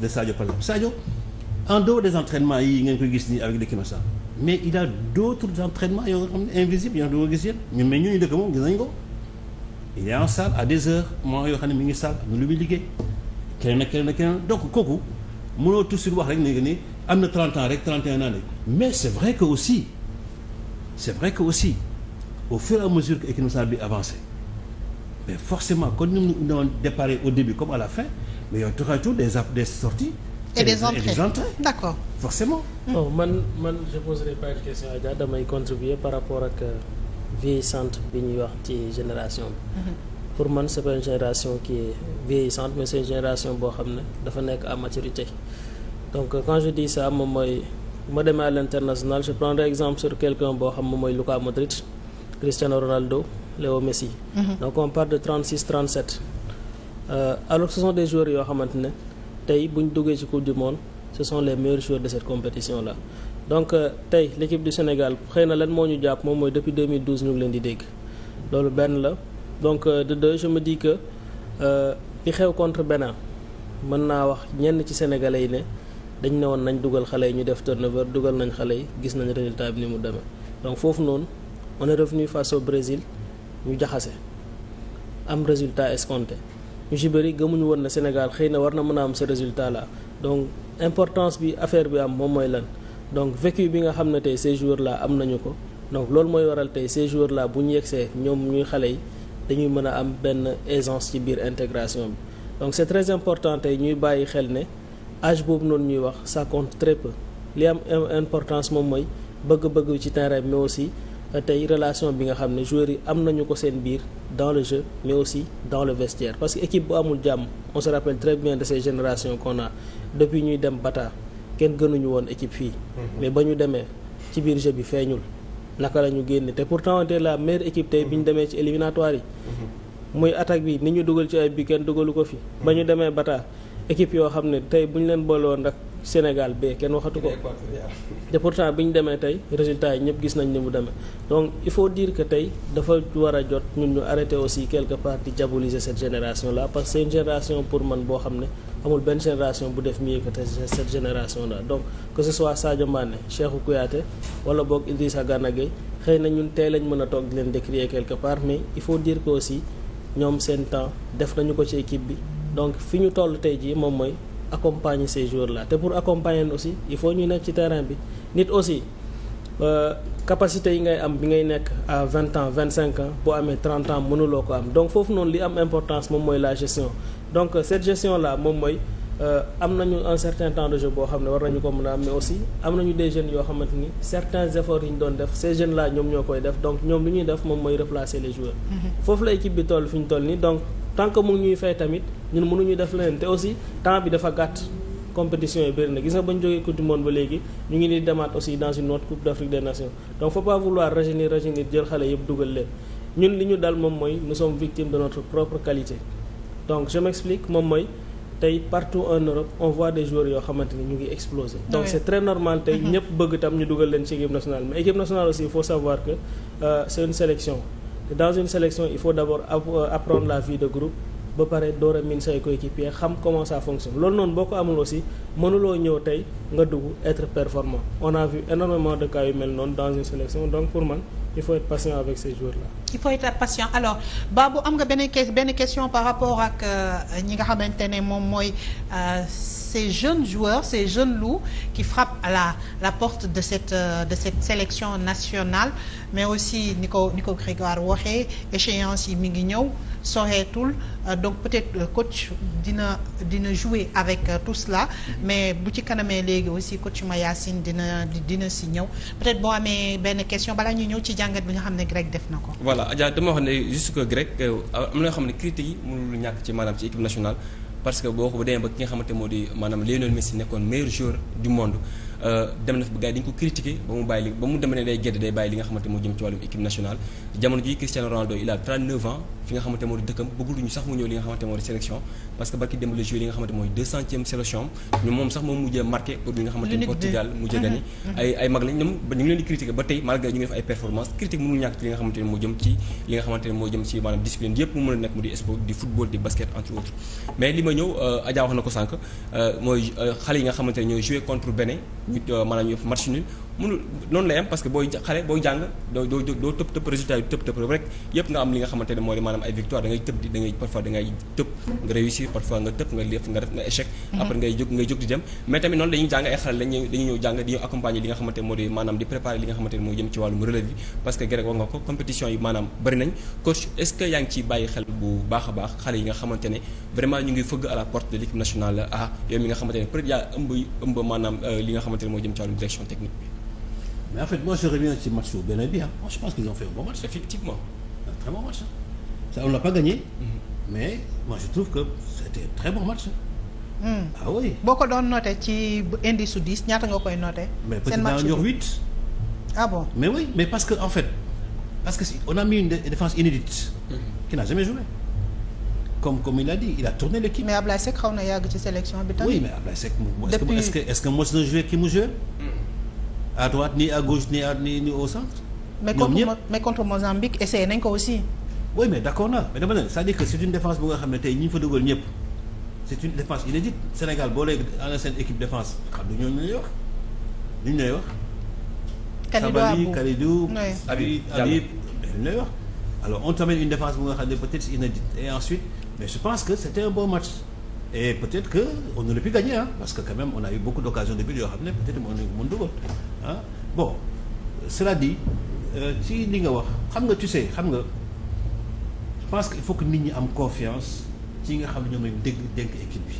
de Sadio par exemple en dehors des entraînements yi ngeen koy gis nii avec l'équipe nationale mais il a d'autres entraînements yoo xam ne invisibles yoo xam ne doo gis yéen ñun mais ñooñu dëkk moom gis nañ ko il est en salle à des heures mois yoo xam ne mi ngi salle am na lu muy liggéey keneen ak keneen ak keneen donc kooku mënoo tout de suite wax rek ne ni am na 30 ans rek 31 ans rek mais c'est vrai que aussi c'est vrai que aussi au fur et à mesure que équipe bi avancé mais forcément comme ni mu doon au début comme à mais yow tu auras toujours des des sorties. et des entrées et des entrées. d'accord forcément. bon mm. man man je poserai pas une question Adja damay contribuer par rapport ak euh, vieillissante bi ñuy wax ci génération bi. Mm-hmm. pour man c'est pas une génération qui est vieillissante mais c'est une génération boo xam ne dafa nekk à maturité donc euh, quand je dis ça moom mooy ma demee à l'international je prendrai exemple sur quelqu'un boo xam moom mooy Luka Modric Cristiano Ronaldo Léo Messi. Mm-hmm. donc on parle de Euh, alors ce sont des joueurs yoo xamante ne tey bu ñu duggee ci coupe du monde ce sont les meilleurs joueurs de cette compétition la donc euh, tey l' équipe du Sénégal xëy na lan moo ñu jàpp moom mooy depuis 2012 ñu ngi leen di dégg loolu benn la donc euh, de deux je me dis xew contre Bénin mën naa wax ñenn ci sénégalais yi ne dañ ne nañ dugal xale yi ñu def turnover dugal nañ xale yi gis nañ résultat bi ni mu demee donc foofu noonu on est revenu face au Brésil ñu jaxase am résultat escompté. ñu ci bëri gëmuñu woon na Sénégal xëy na war na mën a am ce résultat la donc importance bi affaire bi am moom mooy lan donc vécu bi nga xam ne tey ces jours là am nañu ko donc loolu mooy waral tey ces jours là bu ñu yegsee ñoom ñuy xale yi dañuy mën a am benn aisance ci biir intégration bi donc c'est très important tey ñuy bàyyi xel ne âge boobu noonu ñuy wax ça compte très peu li am importance moom mooy bëgg-bëgg ci terrain mais aussi tey relation bi nga xam ne joueurs yi am nañu ko seen biir dans le jeu mais aussi dans le vestiaire parce équipe bu amul jàmm on rappelle très bien de ces générations qu'on depuis ñuy dem Bata kenn gënuñu woon équipe fii mhm. mais ba ñu demee ci biir jeu bi feeñul naka la ñu génne te pourtant on était la meilleure équipe tey bi ñu mhm. demee ci éliminatoire yi mhm. muy attaque bi ni ñu dugal ci ay bi kenn dugalu ko fi ba ñu demee Bata équipe yoo xam ne tey bu ñu leen boole woon Sénégal bee kenn waxatu ko te bi ñu demee tey résultat yi ñëpp gis nañ ni mu demee donc il faut dire que tey dafa war a jot ñun ñu arrêter aussi quelque part di diaboliser cette génération la parce que c'est une génération pour man boo xam ne amul benn génération bu def mieux que cette génération là donc que ce soit Sadio Mané Cheikhou Kouyaté wala boog Idrissa Gana Gueye xëy na ñun tey lañ mën a toog leen décrier quelque part mais il faut diir ko aussi ñoom seen temps def nañu ko ci équipe bi donc fi ñu toll tey jii moom mooy accompagner ces joueurs là te pour accompagner leen aussi il faut ñuy nekk ci terrain bi nit aussi euh, capacité yi ngay am bi ngay nekk à vingt ans vingt cinq ans boo amee trente ans mënuloo ko am donc foofu noonu li am importance moom mooy la gestion donc euh, cette gestion là moom mooy euh, am nañu un certain temps de jeu boo xam ne war nañu ko mën a am mais aussi am nañu des jeune yoo xamante ni certains efforts yi ñu doon def ces jeunes là ñoom ñoo koy def donc ñoom li ñuy moom mooy replacer les joueurs. Mm-hmm. foofu la équipe ñun mënuñu def leneen te aussi temps bi dafa gàtt compétition yi bëri na gis nga ba ñu jógee coupe du monde ba léegi ñu ngi ni demaat aussi dans une autre coupe d'Afrique des nations donc faut pas vouloir rajeunir jël xale yëpp dugal leen ñun li ñu dal moom mooy nous sommes victimes de notre propre qualité donc je m'explique moom mooy tey partout en Europe on voit des joueurs yoo xamante ni ñu ngi exploser donc oui. c'est très normal tey mm-hmm. ñëpp bëgg itam ñu dugal leen ci équipe nationale mais aussi il faut savoir que euh, c'est une sélection dans faut d'abord euh, apprendre la vie de groupe ba pare door a miin say coéquipier xam comment ça fonctionne loolu noonu boo ko amul aussi mënuloo ñëw tey nga dugg être performant on a vu énormément de cas yu mel noonu dans une sélection donc pour man il faut patient avec ces joueurs il faut être patient alors bu am nga benn benn question par rapport ak euh, ñi nga xamante ne moom mooy euh, ces jeunes joueurs ces jeunes lu qui frappent à la la porte de cette euh, de cette sélection nationale mais aussi ni ko ni ko Grégoire waxee échéance yi mi ngi ñëw soreetul donc peut-être coach dina dina jouer avec tout la mais bu ci kanamee léegi aussi coach Mayacine dina dina si ñëw peut-être boo amee benn question balaa ñuy ñëw ci jàngat bi nga xam ne Greg def na ko. Adja dama wax ne juste que grec euh, am na nga xam ne critique yi mënul ñàkk ci maanaam ci équipe nationale parce que boo ko demee ba ki nga xamante moo di maanaam Lionel Messi nekkoon meilleur joueur du monde euh, dem na fi ba gars yi ko critiqué ba mu bàyyi li ba mu demee ne day gedd day bàyyi li nga xamante moo jëm ci wàllum équipe nationale jamono ji Cristiano Ronaldo il a 39 ans fi nga xamante moo di dëkkam bëgguluñu sax mu ñëw li nga xamante moo di sélection parce que barki démb la joué li nga xamante mooy deux centième sélection moom sax moom mujjee marqué pour li nga xamante Portugal mujjee gagné ay ay mag lañ ñoom ba tey malgré ñu ngi def ay performance critique mënul ñàkk ci li nga xamante moo jëm ci li discipline yëpp mu mën a nekk mu di sport di football di basket entre autres mais li ma ñëw euh, Adja wax na ko sànq euh, mooy euh, xale yi nga mënul noonu lay am parce que booy xale booy jàng doo doo doo tëb tëb résultat yi tëb tëb rek yëpp nga am li nga xamante ne moo di maanaam ay di préparer li nga xamante moo jëm ci wàllum a baax xale yi vraiment ñu ngi fëgg à la porte de l'équipe nationale A yow mi nga euh, direction technique mais en fait moi je reviens ci match bu Bénin bi ah moi je pense qu'ils ont fait un bon match. effectivement un bon match. ça on l'a pas mm-hmm. mais moi je trouve que c'était un très bon match. Mm. ah oui boo ko doon noté ci indice su 10 ñaata nga koy noté. seen match mais peut-être jox 8. ah bon mais oui mais parce que en fait parce que si on a mis une défense inédite. Mm-hmm. qui n'a jamais joué. comme comme il a dit il a tourné l'équipe. mais Ablaye Seck xaw na yàgg ci sélection bi tamit. oui mais Ablaye à droite ni à gauche ni à ni ni au centre. mais contre Mozambique essayé nañ ko aussi. oui mais d' accord naa mais dama ne c'est-à-dire que c' est une défense bu nga xam ne tey ñi fa dugal ñëpp une défense inédite Sénégal boo léegi ana seen équipe défense xam nga ñooñu lay wax ñu ñu lay wax. Kalidou Abou Sabali Kalidou. Habib Habib ñu lay une défense bu nga xam ne peut-être inédite et ensuite mais je pense que c' était un bon match. et peut-être que on aurait pu gagner ah parce que quand même on a eu beaucoup d'occasions de but yoo xam ne peut-être moo euh, ci li nga wax xam nga tu xam nga je que il nit ñi am confiance ci nga xam ne ñoom lañ dégg dénk équipe bi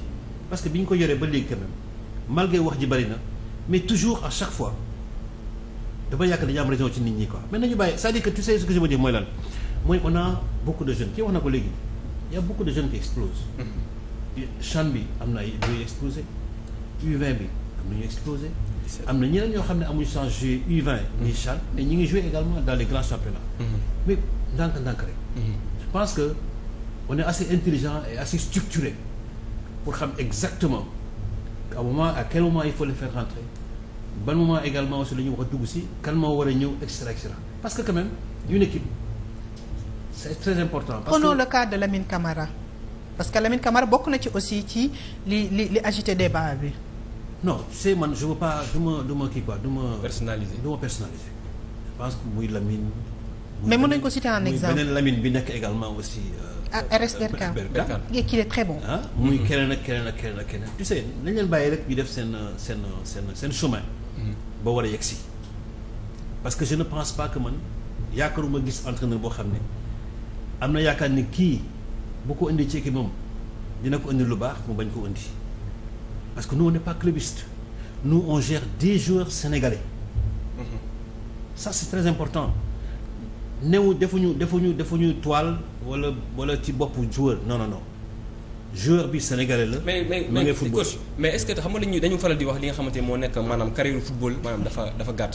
que bi ñu ko yoree ba léegi quand même malgré wax ji bari na mais toujours à chaque fois dama yàq dañu am raison ci ñi quoi mais nañu bàyyi c'est-à-dire que tu sais ce que je veux dire mooy lan mooy on a de jeunes kii wax na ko léegi il y a beaucoup de jeunes qui explosent CHAN bi am na ay ñuy exposé U20 bi am na ñu exposé. am na ñeneen ñoo xam ne amuñu chance jouer U20 ni CHAN mais ñi ngi jouer également dans les grands championnats. Mm-hmm. mais ndànk-ndànk rek. Mm-hmm. je que on est assez intelligent et assez structuré pour xam exactement à moment à quel moment il faut les faire rentrer ban moment également aussi la ñu wax dugg si kan moo war a ñëw et cetera parce que quand même une équipe c'est très important. parce que prenons le parce que Lamine Camara bokk na ci aussi ci li li li agité débat bi. non c'est man je veux pas du ma kii quoi du ma. personnaliser du ma personnaliser. je pense muy Lamine. mais mën nañ ko citer en exemple muy beneen Lamine bi nekk également aussi. Euh, ah RS ah, muy mm-hmm. keneen ak keneen ak keneen ak keneen. tu sais nañ leen bàyyi rek ñu def seen seen seen seen chemin. Mm-hmm. ba war a yegg si. parce que je ne pense pas que man yaakaaruma gis entraîneur boo xam ne am na yaakaar ni kii. boo ko indi ci équipe moom dina ko indi lu baax mu bañ ko indi parce que nous on n'est pas clubiste nous on gère des joueurs sénégalais mm-hmm. ça c'est très important new ñu defuñu defuñu toile wala wala ci bopp joueur non non non joueur bi sénégalais la. mais mais mais coach mais est xam nga dañu faral di wax li nga xamante moo nekk maanaam carrière football maanaam dafa dafa gàtt.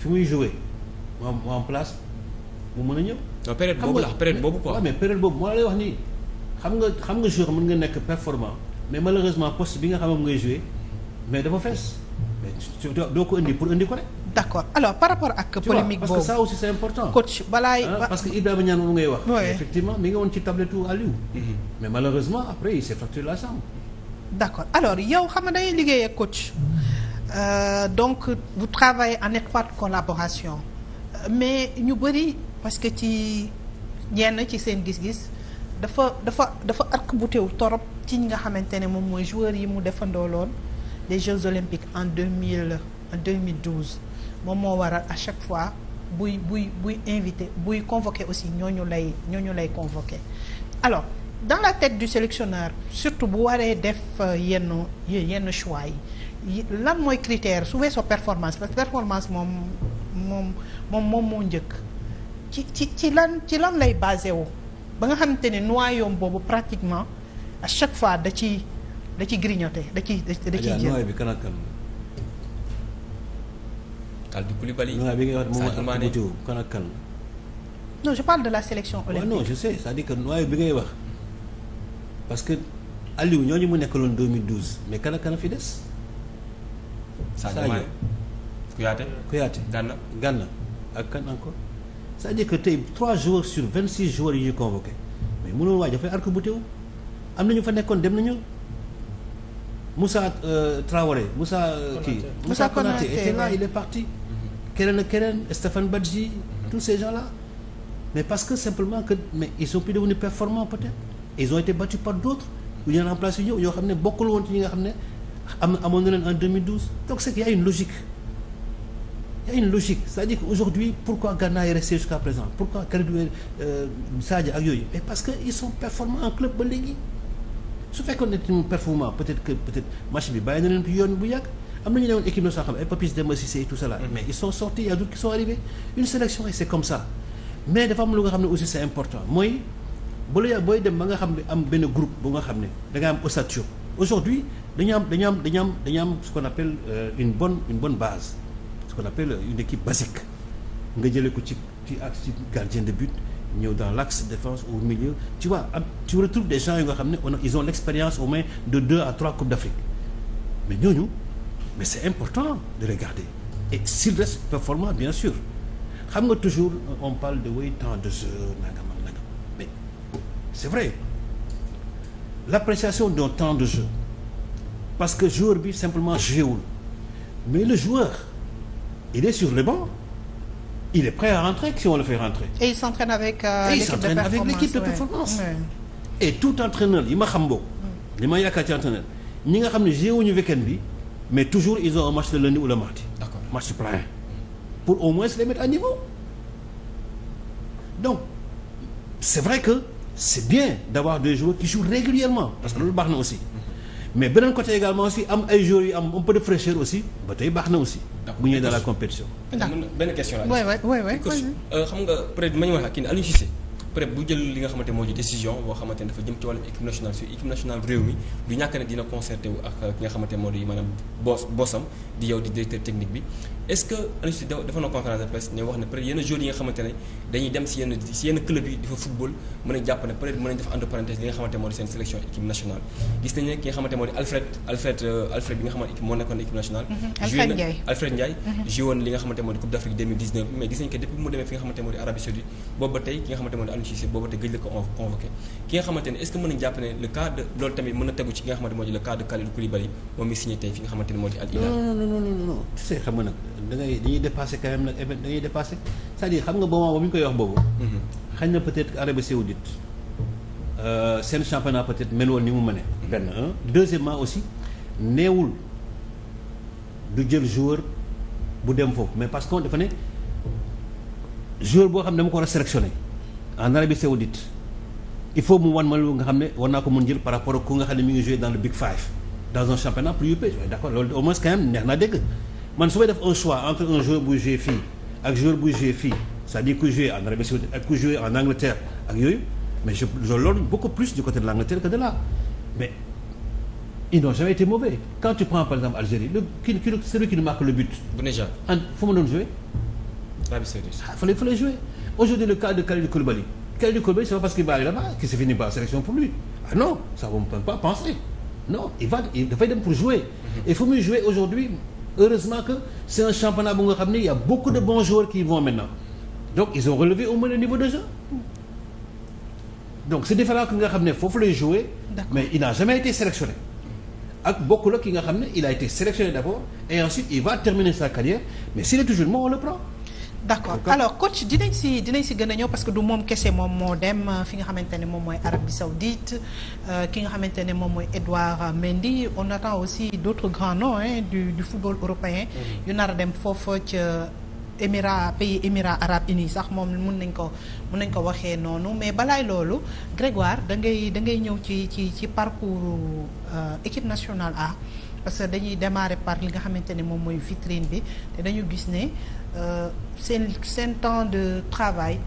fi muy joue mu am mu am place mu mën a ñëw. non boobu la période mais période boobu moo lay wax nii xam nga xam nga joueur mën nga nekk performant mais malheureusement poste bi nga xam ne ngay joué mais dafa fees mais doo ko indi pour indi ko rek. d' accord par rapport ak. polémique boobu parce que ça aussi c' est important. coach balaay parce que Ibrahima Niane moom ngay wax. effectivement mi ngi woon ci tablette wu mm-hmm. mais malheureusement après il alors yow xam nga day liggéey ak Euh, donc vous travaillez en étroite collaboration euh, mais ñu bëri parce que ci yenn ci seen gis-gis dafa dafa dafa arc-bouté wu torop ci ñi nga xamante ne moom mooy joueurs yi mu defandooloon loon des Jeux olympiques en deux mille en deux mille douze moom moo war a chaque fois buy buy buy invité buy convoqué aussi ñooñu lay ñooñu lay convoqué alors dans la tête du sélectionneur surtout bu waree def euh, yenn yenn choix yi. lan mooy critère su weesoo performance parce performance moom moom moom moom moo njëkk ci ci ci lan ci lan lay basé wu ba nga xamante ne noyau boobu pratiquement à chaque fois da ci da ci grignoté da ci da ciy jël noyau bi kan ak kan Kalidou Koulibaly noyau bi nga wax moom Sadio Mané kan ak kan non je parle de la sélection olympique non je sais c'est-à-dire que noyau bi ngay wax parce que Aliou ñooñu mu nekkaloon 2012 mais kan a fi des Sadio Mané Kouyaté Kouyaté Gana Gana ak kan encore c'est-à-dire que tey trois jours sur vingt six joueurs yi ñuy convoqué mais mënul waaj dafay arc-bouté wu am na ñu fa nekkoon dem nañu Moussa euh, Traoré Moussa euh, kii Moussa Konaté était là il est parti mhm. keneen ak keneen Stéphane Badji mhm. tous ces la là mais parce que simplement que mais ils sont plus devenus performants peut-être ils ont été battus par d'autres yu ñu remplacé ñëw yoo xam ne bokkul woon ci ñi nga xam ne am na amoon na leen en 2012 donc c'est qu'il y a une logique il a une logique c'est-à-dire qu'aujourd'hui pourquoi Ghana est resté jusqu'à présent pourquoi Kalidou euh, Sadio ak yooyu mais parce que ils sont performants en club ba léegi su fekkoon ne ñu performant peut-être que peut-être match bi bàyyi na leen yoon bu yàgg am nañu ne woon équipe nationale xam ay Papis Demba Cissé et tout ça mm-hmm. mais ils sont sortis il y a d'autres qui une sélection am lu nga xam ne aussi c'est mooy ba la booy dem ba nga xam ne am benn groupe bu nga xam ne da nga am ossature aujourd'hui dañu am dañu am dañu am dañu am ce qu'on appelle euh, une bonne une bonne base ce qu'on appelle euh, une équipe basique nga jëlee ko ci ci ak ci gardien de but ñëw dans l'axe défense au milieu tu vois am tu retrouves des gens yu nga xam ne on a ils ont l'expérience au moins de deux à trois coupes d'Afrique mais ñooñu mais c'est important de les garder et s'ils restent performants bien sûr xam nga toujours on parle de way temps de jeu nangam ak nangam mais c'est vrai l'appréciation d'un temps de jeu parce que joueur bi simplement joué wul mais le joueur il est sur le banc il est prêt à rentrer si on le fait rentrer. et il s'entraîne avec. Euh, et il s'entraîne avec l'équipe de performance. Ouais. et tout entraîneur yi ma xam boobu. li ma yaakaar ci entraîneur ñi nga xam ne joué wuñu week-end bi mais toujours ils ont un match le lundi ou le mardi. d'accord match plein pour au moins se les mettre à niveau donc c'est vrai que c'est bien d'avoir des joueurs qui jouent régulièrement parce que loolu baax na aussi. mais beneen côté également aussi am ay joueurs yu am un peu de fraîcheur aussi ba tey baax na aussi. bu ñëwee dans la compétition. benn question la. waay waay waay xam bu jël li nga xamante moo di décision boo xamante ne dafa jëm ci wàllu équipe nationale su équipe nationale réew mi du ñàkk ne dina concerté wu ak ki nga xamante moo di maanaam boos boosam di yow di directeur technique bi. est-ce que ANACIM dafa na de presse ñu wax ne peut yenn joueurs yi nga xamante ne dañuy dem si yenn club yi di football mën a jàpp ne mën nañu def entre parenthèse li nga xamante moo di seen sélection ki nga xamante moo moo nekkoon équipe nationale joué na li nga xamante moo di Coupe d'Afrique fi nga xamante moo moo di Aliou Cissé boobu ba tey gëj la ko convoqué mën nañu da ngay dañuy dépasser quand même nag événement eh dañuy dépasser c'est-à-dire xam nga moment boobu ñu koy wax boobu. Mhm. xañ na peut-être Arabie Saoudite euh, seen championnat peut-être melul ni mu mëne. benn un deuxièmement aussi neewul du jël joueur bu dem foofu mais parce que dafa ne joueur boo xam ne dama ko war a sélectionné en Arabie Saoudite il faut mu wan ma lu nga xam ne war naa ko mën jël par rapport ak ku nga xam ne mi ngi joué dans le Big Five dans un championnat plus huppé d'accord loolu au moins quand même neex naa dégg. man su may def un choix entre un joueur buy jouer c'est-à-dire ku jouer en Arabie Saoudite ak ku jouer en Angleterre ak yooyu mais je je lorgne beaucoup plus du côté de l'Angleterre que de là mais ils n'ont jamais été mauvais quand tu prends par exemple Algérie le kii kii celui qui marque le but. Bounedjah en jouer. Arabie Saoudite ah fallait fallait jouer aujourd'hui le cas de Kalidou Koulibaly c'est pas parce qu'il va aller là-bas que c'est fini par la sélection pour lui ah dafay dem pour jouer. Mm-hmm. heureusement que c'est un championnat bu nga xam ne y a beaucoup de bons joueurs qui y vont maintenant donc ils ont relevé au moins le niveau de jeu donc c'est différent que nga xam ne foofu lay jouer mais il n'a jamais été sélectionné ak bokkul ak ki nga xam ne il a été sélectionné d'abord et ensuite il va terminer sa carrière mais s'il est toujours le on le prend d'accord alors coach dinañ si dinañ si gën a ñëw parce que du moom kese moom moo dem euh, fi nga xamante ne moom mooy Arabie Saoudite euh, ki nga xamante ne moom mooy Edouard Mendy on attend aussi d'autres grands noms hein, du football européen mm-hmm. yu nar a dem foofa ca émirat pays émirat arabe unis sax moom mun nañ ko mun nañ ko waxee noonu mais balaay loolu Grégoire da ngay da ngay ñëw ci ci ci parcours euh, équipe nationale A parce que dañuy démarrer par li nga xamante ne moom mooy vitrine bi te dañu gis ne euh, seen seen temps de travail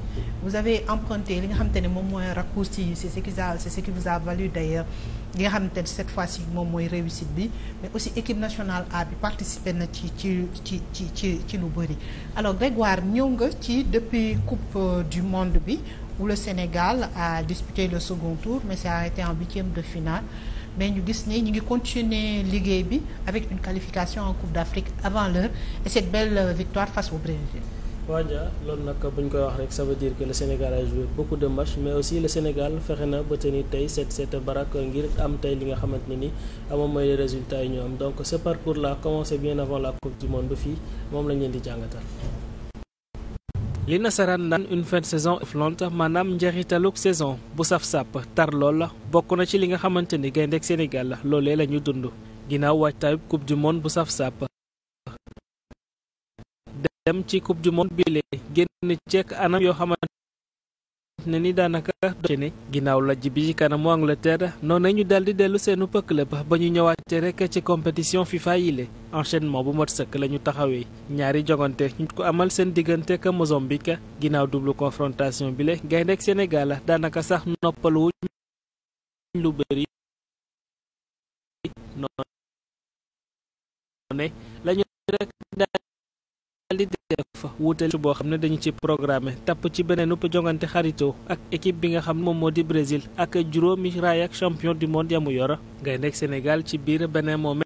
vous avez emprunté li nga xamante ne moom mooy raccourci c'est ce qui a c'est ce qui vous a valu d'ailleurs li nga xamante ne cette fois-ci moom mooy réussite bi mais aussi équipe nationale A bi participer na ci ci ci ci ci ci lu bëri alors Grégoire ñëw nga ci depuis coupe euh, du monde bi où le Sénégal a disputé le second tour mais s'est arrêté en huitième de finale mais ñu gis ni ñu ngi continuer liggéey bi avec une qualification en Coupe d'Afrique avant l'heure et cette belle euh, victoire face au Brésil. waaw Dia loolu nag bu ñu koy wax rek ça veut dire que le Sénégal a joué beaucoup de matchs mais aussi le Sénégal fexe na ba tey cette cette barak ngir am tey li nga xamante ne ni ah, moom mooy les résultats yi ñu am donc ce parcours la commencé bien avant la Coupe du Monde ba fii moom lañ leen di jàngatal. li nasaraan naan une fin de saison flonte maanaam njeexitaluk saison bu saf-sàpp tar lool bokk na ci li nga xamante ni gayndeek Sénégal loolee la ñu dund ginnaaw waajtaayub coupe du monde bu saf-sàpp dem ci coupe du monde bi lee génn ceek anam yoo xamante ne ni daanaka doce ne ginnaaw lajj bi ci kanamu Angleterre noonu ñu di dellu seenu club ba ñu ñëwaatee rek ci compétition FIFA yi le enchaînement bu mat sëkk la ñu taxawee ñaari jogante ñu ko amal seen diggante ak Mozambique ginnaaw double confrontation bi le gaynde ak Sénégal daanaka sax noppalu lu bëri noonu ne lañu rek fa wuutali boo xam ne dañu ci programme tapp ci beneen upp jongante xaritoo ak équipe bi nga xam ne moom moo di Brésil ak juróomi raay ak champion du monde yamu yora ngay nekk Sénégal ci biir beneen moom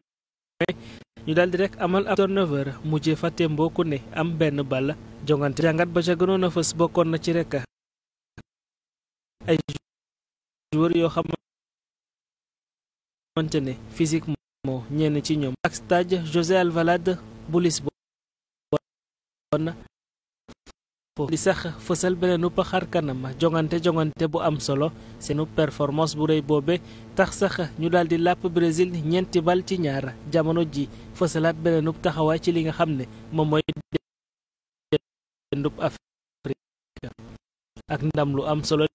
ñu daal di rek amal ab 19h mujjee fàtte mbokku ne am benn ball jongante jàngat ba ca gënoon a fës bokkoon na ci rek ay joueur yoo xamante ne physiquement ñenn ci ñoom ak stade José Alvalade bu foofu di sax fësal beneen upp xar kanam jongante jongante bu am solo seenu performance bu rëy boobe tax sax ñu daal di làpp Brésil ñeenti bal ci ñaar jamono ji fësalaat beneen taxawaay ci li nga xam ne moom mooy dendub Afrique ak ndam lu am solo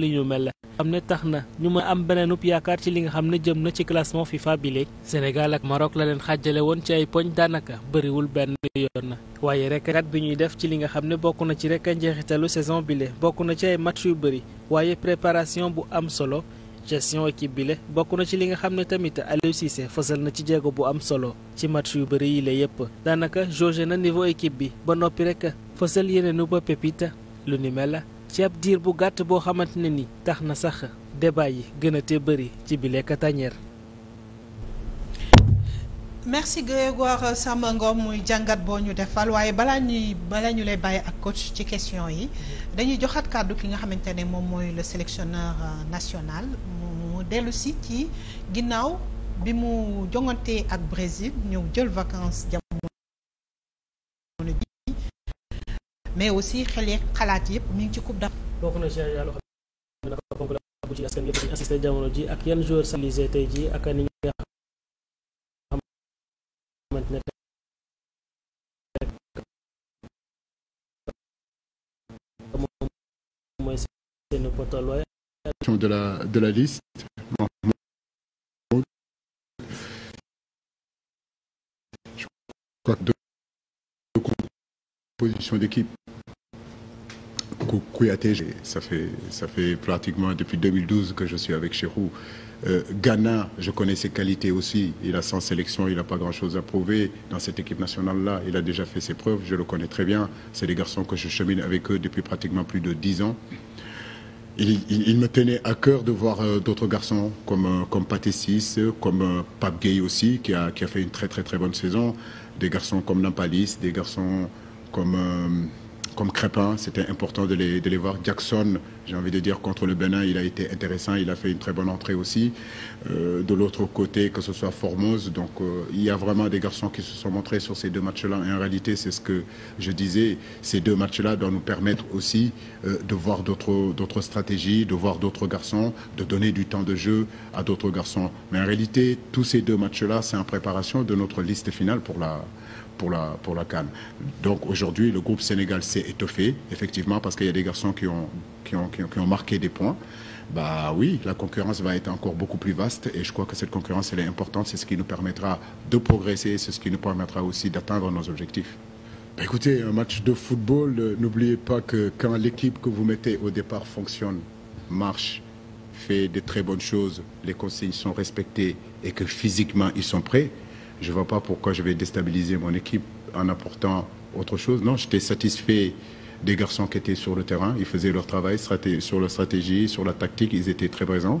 li ñu mel xam ne tax na ñu ma am beneenub yaakaar ci li nga xam ne jëm na ci classement FIFA bi léegi ak Maroc la leen woon ci ay poñ daanaka bariwul benn yoon na waaye rek bi ñuy def ci li nga xam ne bokk na ci rek njeexitalu saison bile bokk na ci ay match yu bëri waaye préparation bu am solo gestion équipe bile bokk na ci li nga xam ne tamit Aliou Cissé fësal na ci jéego bu am solo ci match yu bëri yi la yépp daanaka jauge na niveau équipe bi ba noppi rek fësal yeneen nu lu ni mel ceeb diir bu gàtt boo xamante ne ni tax na sax débat yi gën a te bari ci bile katañeer merci Grégoire sàmm ngoom muy jàngat boo ñu defal waaye bala ñuy balaa ñu lay bàyyi ak coach ci question yi dañuy joxat kàddu ki nga xamante ne moom mooy le sélectionneur euh, national mu dellu si ci ginnaaw bi mu jongante ak Brésil ñëw jël vacances jamono mais aussi xel xalaat yëpp mi ngi ci coupe d'Afrique. bokk na ci yàlla xam ne bu ci askan bi assisté jamono ji ak yenn joueur salisé tey ji ak ni nga xamante ne mooy seen potoloy de la de la liste position d'équipe. Kouyaté, ça fait, ça fait pratiquement depuis 2012 que je suis avec Chérou. Euh, Ghana, je connais ses qualités aussi. Il a 100 sélections, il n'a pas grand-chose à prouver. Dans cette équipe nationale-là, il a déjà fait ses preuves, je le connais très bien. C'est des garçons que je chemine avec eux depuis pratiquement plus de 10 ans. Il, me tenait à cœur de voir euh, d'autres garçons comme, euh, comme euh, Pape Gay aussi, qui a, qui a fait une très très comme euh, comme Crépin, c'était important de les, de les voir. Jackson, j'ai envie de dire, contre le Bénin, il a été intéressant, il a fait une très bonne entrée aussi. Euh, de l'autre côté, que ce soit Formose, donc euh, il y a vraiment des garçons qui se sont montrés sur ces deux matchs-là. Et en réalité, c'est ce que je disais, ces deux matchs-là doivent nous permettre aussi euh, de voir d'autres stratégies, de voir d'autres garçons, de donner du temps de jeu à d'autres garçons. Mais en réalité, tous ces deux matchs-là, c'est en préparation de notre liste finale pour la, pour la, pour la CAN. Donc aujourd'hui, le groupe Sénégal s'est étoffé, parce qu'il y a des garçons qui ont, marqué des points oui, la concurrence va être encore beaucoup plus vaste et je crois que cette concurrence, elle est importante. C'est ce qui nous permettra de progresser, c'est ce qui nous permettra aussi d'atteindre nos objectifs. écoutez, un match de football, euh, n'oubliez pas que quand l'équipe que vous mettez au départ fonctionne, marche, fait de très bonnes choses, les consignes sont respectées et je ne vois pas pourquoi je vais déstabiliser mon équipe en apportant autre chose. Non, j'étais satisfait des garçons qui étaient sur le terrain. Ils faisaient leur travail sur la stratégie, sur la tactique. Ils étaient très présents.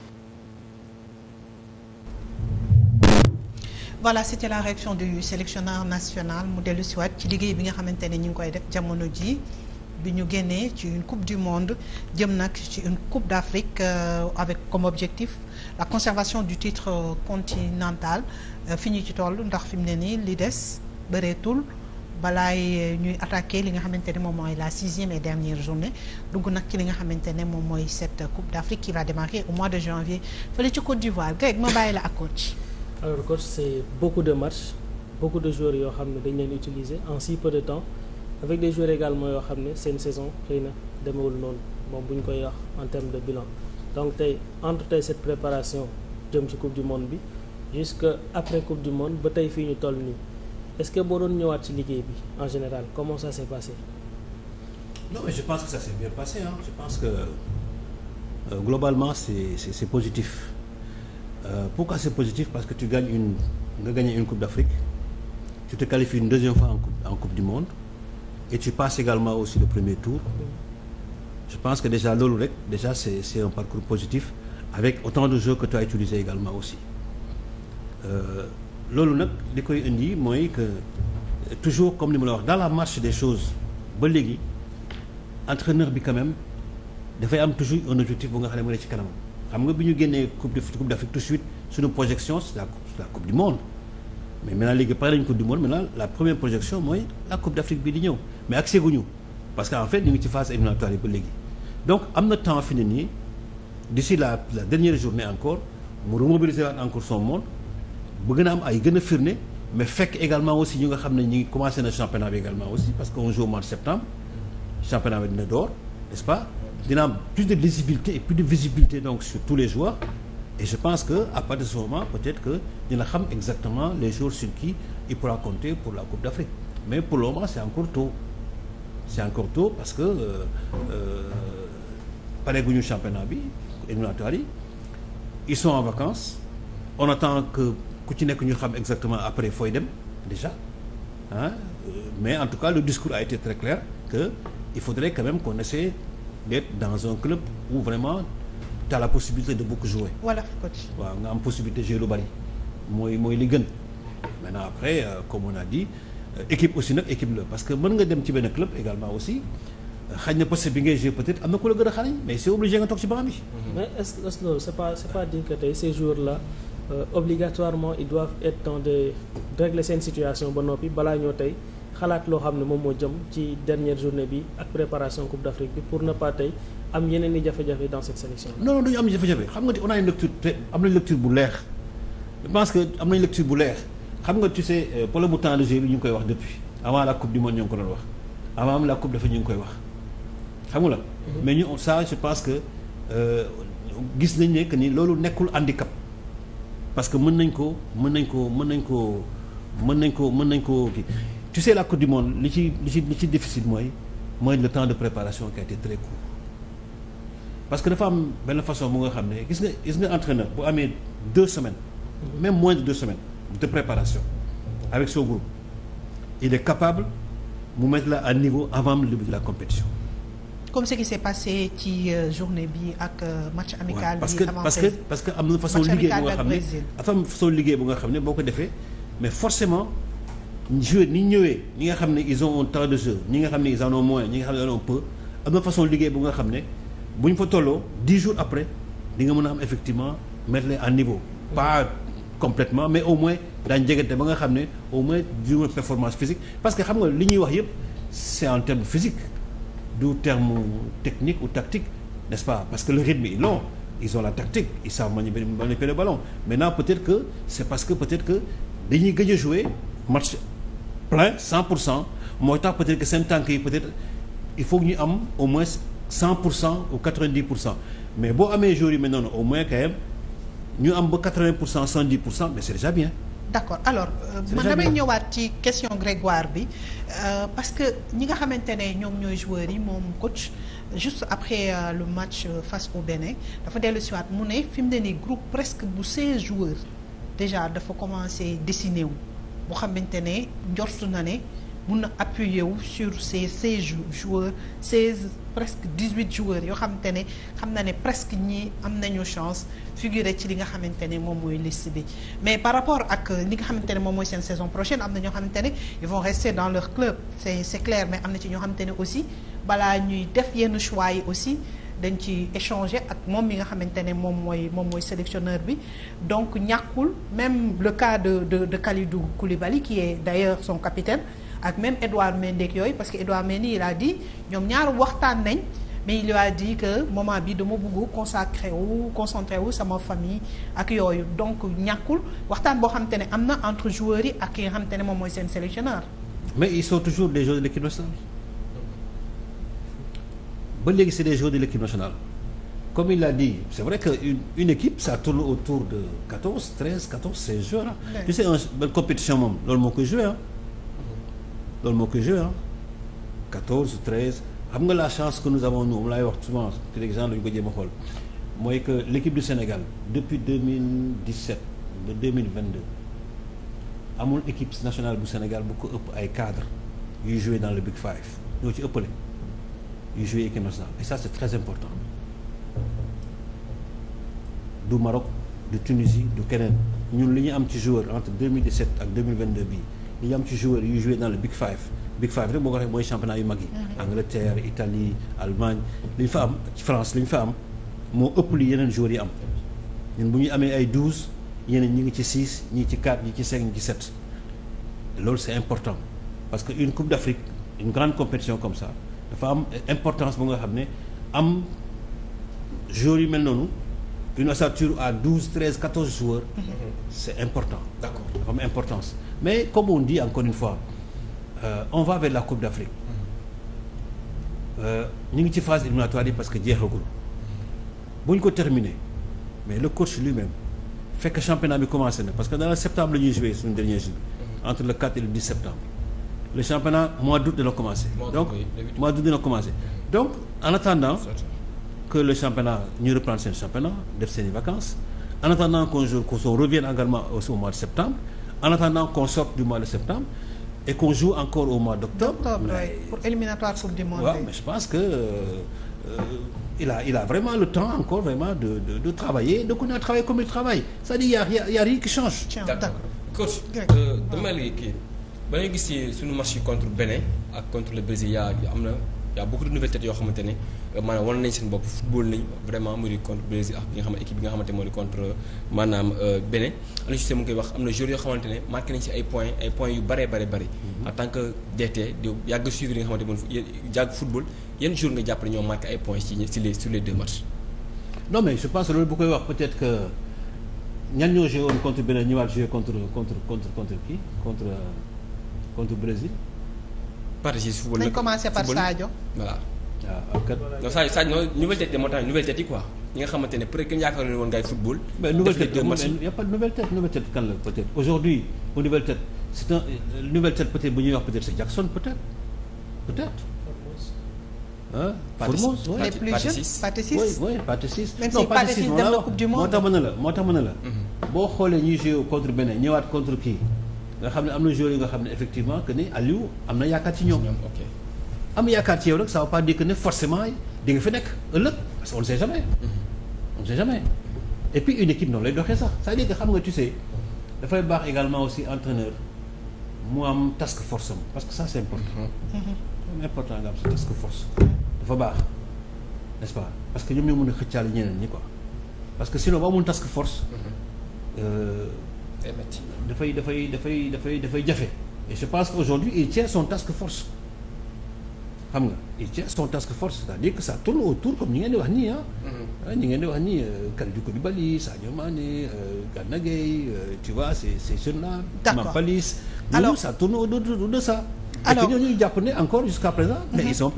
voilà c'était la réaction du sélectionneur national mu dellu siwaat ci liggéey bi nga xamante ne ñu ngi koy def jamono ji bi ñu génnee ci une coupe du monde jëm nag ci une coupe d'Afrique euh, avec comme objectif la conservation du titre continental euh, fi ñu ci toll ndox fi mu ne nii li des bëreetul balaay ñuy attaqué li nga xamante ne moom mooy la sixième et dernière journée dugg nag ci li nga xamante ne moom mooy cette coupe d'Afrique qui va démarrer au mois de janvier fële ci Côte la ak coach alors coach c'est beaucoup de matchs beaucoup de joueurs yoo xam ne dañu leen utiliser en si peu de temps avec des joueurs également yoo xam ne seen saison xëy na demewul noonu moom bu ñu koy wax en termes de bilan donc tey entre tey cette préparation jëm ci coupe du monde bi jusque après coupe du monde ba tey fii ñu toll nii est-ce que boo doon ñëwaat ci liggéey bi en général comment ça s'est passé. non mais je pense que ça s'est bien passé je pense que euh, globalement c'est positif. Euh, pourquoi positif parce que tu gagnes une nga gagné une coupe d'Afrique tu te qualifies une deuxième fois en coupe, en coupe du monde et tu passes également aussi le premier tour je pense que déjà loolu rek déjà c'est c'est un parcours positif avec autant de jeux que tu as utilisé également aussi euh, loolu nag li koy indi mooy que toujours comme ni ma la wax dans la marche des choses ba léegi entraîneur bi quand même dafay am toujours un objectif bu nga xam ne mu ci kanamam xam nga bi ñu génnee coupe de coupe d'Afrique tout suite suñu projection la coupe du monde mais maintenant léegi pare nañu coupe du monde maintenant la première projection mooy la coupe d'Afrique bii di ñëw mais accès guñu parce que en fait ñu ngi ci phase éliminatoire yi ba léegi donc am na temps fi ne nii d'ici la la dernière journée encore mu remobiliser waat encore son monde bëgg na am ay gën a firnde mais fekk également aussi ñu nga xam ne ñu ngi commencé na championnat bi également aussi parce que on joue au mois de septembre dina am plus de lisibilité et plus de visibilité donc sur tous les joueurs et je pense que à partir de ce moment peut-être que dina xam exactement les joueurs sur qui il pourra compter pour la Coupe d'Afrique mais pour le moment c'est encore tôt parce que euh, euh, pareeguñu championnat bi éliminatoire yi ils sont en vacances on attend que ku ci nekk ñu xam exactement après fooy dem déjà ah mais en tout cas le discours a été très clair que il faudrait quand même qu'on essaie d'être dans un club où vraiment tu as la possibilité de beaucoup jouer. voilà coach. waaw nga am possibilité jouer lu bari mooy mooy li gën maintenant après euh, comme on a dit euh, équipe aussi nag équipe la parce que mën nga dem ci benn club également aussi euh, xaj na poste bi ngay jouer peut-être am na ku la gën a xarañ mais c'est obligé nga toog ci banc bi. Mm-hmm. mais est-ce est-ce loolu c'est pas c'est pas dire que tey ces jours-là. Euh, obligatoirement ils doivent dans des régler seen situation ba noppi balaa ñoo tey xalaat loo xam ne moom moo jëm ci dernière journée bi ak préparation Coupe d'Afrique bi pour ne pas tey am yeneen i jafe-jafe dans cette sélection. non non du ñu am jafe-jafe xam nga on a une lecture te am nañu lecture bu leer je que am nañu lecture bu leex xam nga tu sais euh, problème bu ñu ngi koy wax depuis avant la coupe du monde ñu ngi ko doon wax avant la coupe dafa ñu ngi koy wax xam la. Mhm. mais ñu ça je pense que euh, gis nañ ne que ni loolu nekkul handicap parce que mën nañ ko mën nañ koo mën nañ koo mën nañ ko mën nañ ko kii. tu sais la coupe du monde li ci li ci ci difficile mooy mooy le temps de préparation qui a très court parce que dafa am benn façon bu nga xam ne gis nga gis nga entraîneur bu amee deux semaines même moins de deux semaines de préparation avec son groupe il est capable mu mettre la à niveau avant le début de la compétition. comme ce qui s'est passé ci euh, journée bi ak euh, match amical bi. parce que parce que am na façon liggéey bu nga xam ne dafa am façon liggéey bu nga xam ne boo ko defee mais forcément. joueurs ni ñëwee ñi nga xam ne ils ont un de jeu ñi nga xam ne ils en ont moins ñi nga xam ne ils en am na façon liggéey bu nga xam ne bu ñu fa tolloo dix jours après di nga mën a am effectivement mettre les en niveau. pas complètement mais au moins daañu jegante ba nga xam ne au moins du performance physique parce que xam nga li ñuy wax yëpp c'est en terme physique du terme technique ou tactique n'est-ce pas parce que le rythme il long ils ont la tactique ils savent manipuler le ballon maintenant que c'est parce que peut-être que dañuy gëj a jouer match plein cent pour cent mooy tax peut-être que seen tànk yi peut-être il faut ñu am au moins cent pour cent ou quatre vingt pour cent mais boo amee jours yi mel noonu au moins quand ñu am ba quatre-vingts cent cent dix pour cent mais c'est déjà bien. d'accord alors euh, man damay ñëwaat ci question Grégoire bi euh, parce que ñi nga xamante ne ñoom ñooy joueurs yi moom coach juste après euh, le match euh, face au Bénin dafa dellu siwaat mu ne fi mu ne nii groupe presque bu seize joueurs déjà dafa commencé dessiner wu. boo xamante ne njortu na ne mun na appuyer wu sur ces seize joueurs seize presque dix huit joueurs yoo xamante ne xam na ne presque ñii am nañu chance figurer ci li nga xamante ne moom mooy list bi mais par rapport ak li nga xamante ne moom mooy seen saison prochaine am na ñoo xamante ne ils vont rester dans leur club c'est c'est mais am na ci ñoo xamante ne aussi balaa ñuy def yenn choix yi aussi. dañ ci échangé ak moom mi nga xamante ne moom mooy moom mooy sélectionneur bi donc ñàkkul même le cas de de kali du Koulibaly qui est d'ailleurs son capitaine ak même Edouard Mendy ak yooyu parce que Edouard Mendy il a di ñoom ñaar waxtaan nañ mais il a dit que moment bi dama bëgg consacré wu concentré wu sama famille ak yooyu donc ñàkkul waxtaan boo xamante ne am na entre joueurs yi ak ki nga xamante ne moom mooy seen sélectionneur mais ils sont toujours des joueurs de l'équipe ba léegi c'est des joueurs de l'équipe nationale comme il l'a dit c'est vrai que une, une équipe ça tourne autour de 14 13 14 16 joueurs un benn compétition moom loolu moo koy joué ah. loolu moo koy joué ah 14 nga la chance que nous avons nous moom laay wax souvent ci l'exemple dañu ko jéem a xool mooy que l'équipe du Sénégal depuis 2017 ba 2022 amul équipe nationale bu Sénégal bu ko ëpp ay cadres yuy joué dans le Big Five ñoo ci ëppale. yu joué équipe nationale et ça c'est très important du Maroc du Tunisie du keneen ñun li ñu am ci joueur entre 2017 ak 2022 bii li ñu am ci joueur yu joué dans le Big Five Big Five rek boo ko waxee mooy championnat yu mag yi. Ah. Angleterre Italie Allemagne li ñu fa am France li ñu fa am moo ëpp li yeneen joueurs yi am ñun bu ñu amee ay 12 yeneen ñi ngi ci 6 ñi ci 4 ñi ci 5 ji ci 7 loolu c'est important parce que une Coupe d'Afrique une grande compétition comme ça. dafa am importance bu nga xam ne am joueurs yu mel noonu une ossature à douze treize quatorze joueurs. c' important. d' accord dafa am importance mais comme on dit encore une fois euh, on va vers la Coupe d' euh, ñu ngi ci phase éliminatoire yi parce que jeexagul bu ñu ko terminer mais le coach lui-même fekk championnat bi commencé na parce que dans le septembre la ñuy joué suñu dernier jour entre le et le septembre. le championnat mois d'août dina commencer. donc mois d'août dina commencer donc en attendant. que le championnat ñu reprendre seen championnat def seen i vacances en attendant qu'on joue qu'on revienne également au mois de septembre en attendant qu'on sorte du mois de septembre et qu'on joue encore au mois d'octobre. mais, je pense que euh, euh il a vraiment le temps encore vraiment de de de travailler de continuer travailler comme il travaille c'est-à-dire qui change. ba ngay gis ci suñu match yi contre Bénin ak contre le Brésil yaa am na yaa beaucoup de nouvelles yoo xamante ne euh, maanaam wan nañ seen bopp football nañ vraiment mu di contre Brésil ak xamante moo di contre euh, maanaam euh, Bénin wax am na joueurs yoo xamante ne marqué nañ ci ay points mm-hmm. que DT di yàgg suivre yi nga xamante moon jàgg football yan jour nga jàpp ne ñoo marqué ay points ci mais je pense loolu bu koy wax peut que ñan ñoo joué woon contre Bénin ñëwaat joué contre contre contre qui contre contre Brésil. participe si football par Sadio. voilà waaw kat. donc Sadio Sadio noonu nouvelle tête moo tax nouvelle tête yi quoi ñi nga xamante ne peut-être kenn yaakaaroon woon ngay football. nouvelle tête y' a pas de nouvelle tête nouvelle tête kan la peut aujourd'hui bu nouvelle tête c'est un euh, nouvelle tête peut-être bu ñuy wax peut-être Jackson peut-être peut-être. ah Formose moo tax ma ne la moo tax ma ne la. Mhm. boo xoolee ñuy joué contre Bénin ñëwaat contre kii. nga xam ne am na joueurs yi nga xam ne effectivement que ni Aliou am na yaakaar ci ñoom. am yaakaar ci yow nag ça veut pas dire que ne forcément di nga fi nekk ëllëg parce que on ne sait jamais. Mm-hmm. on sait jamais et puis une équipe noonu lay doxee sax cest dire que xam nga tu dafay baax également aussi entraîneur mu am task force parce que ça c'est important. Mm-hmm. Mm-hmm. important nga am sa task force. dafa baax n'est-ce pas parce que ñoom ñoo mën a xëccaale ñeneen ñi quoi parce que day métti dafay dafay dafay dafay dafay jafe et je pense qu'aujourd'hui il tient son task force xam nga il tient son task force c'est-à-dire que ça tourne autour comme ñu ngeen di wax nii ah ñi ngeen di wax nii Kalidou Koulibaly Sadio Mané Gana Gueye tu vois c'est c'est sur là Mampalys alors ça tourne autour de ça alors et que ñooñu jàpp ne encore jusqu'à présent. mais mhm. ils sont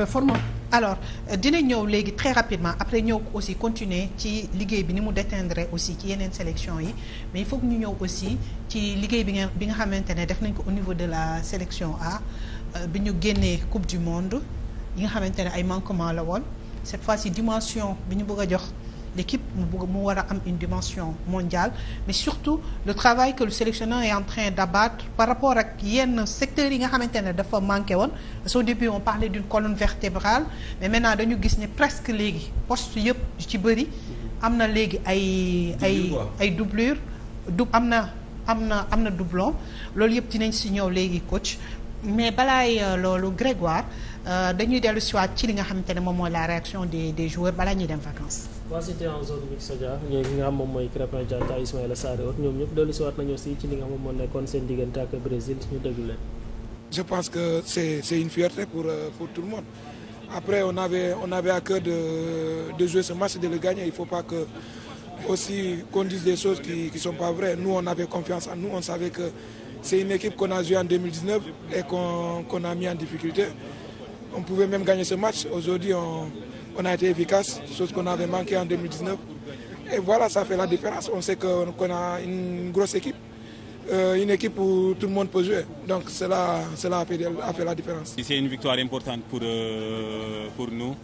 euh, dina ñëw léegi très rapidement après ñëw aussi continuer ci liggéey bi ni mu déteindre aussi ci yeneen sélection yi mais il ñu ñëw aussi ci liggéey bi nga bi nga xamante ne def nañ ko au niveau de la sélection A euh, bi ñu génnee coupe du monde yi nga xamante ne ay manquement la woon cette fois-ci dimension bi ñu bëgg a jox. l'équipe mu bugg mu war a am une dimension mondiale mais surtout le travail que le sélectionneur est en train d'abattre par rapport ak yenn secteurs yi nga xamante ne dafa manqué woon parce qu'au début on parlait d'une colonne vertébrale mais maintenant dañu gis ne presque léegi poste yëpp ci bëri am na léegi ay ay ay doublure du am na am na am na doublon loolu yëpp dinañ si ñëw léegi coach mais balaay euh, loolu Grégoire euh, dañuy dellu siwaat ci li nga xamante ne moom mooy la réaction des des joueurs balaa ñuy dem vacances waaw c'était en zone mixte Dia léegi nga xam moom mooy Krépin Diatta Ismaïla Sarr ak ñoom ñëpp dellu si waat nañu aussi ci li nga xam moom moo nekkoon seen diggante ak Brésil ñu déglu leen. je pense que c'est c'est une fierté pour euh, pour tout le monde après on avait on avait à cœur de de jouer ce match et de le gagner il faut pas que aussi qu'on dise des choses qui qui sont pas vraies nous on avait confiance en nous on savait que c'est une équipe qu'on a joué en 2019 et qu'on qu'on a mis en difficulté on pouvait même gagner ce match aujourd'hui on on a été efficace, chose qu'on en 2019. Et voilà, ça fait la différence. On sait qu'on qu a une grosse équipe, euh, une équipe où tout le monde peut jouer. Donc cela, a, fait, la différence. C'est une victoire importante pour, euh, pour nous.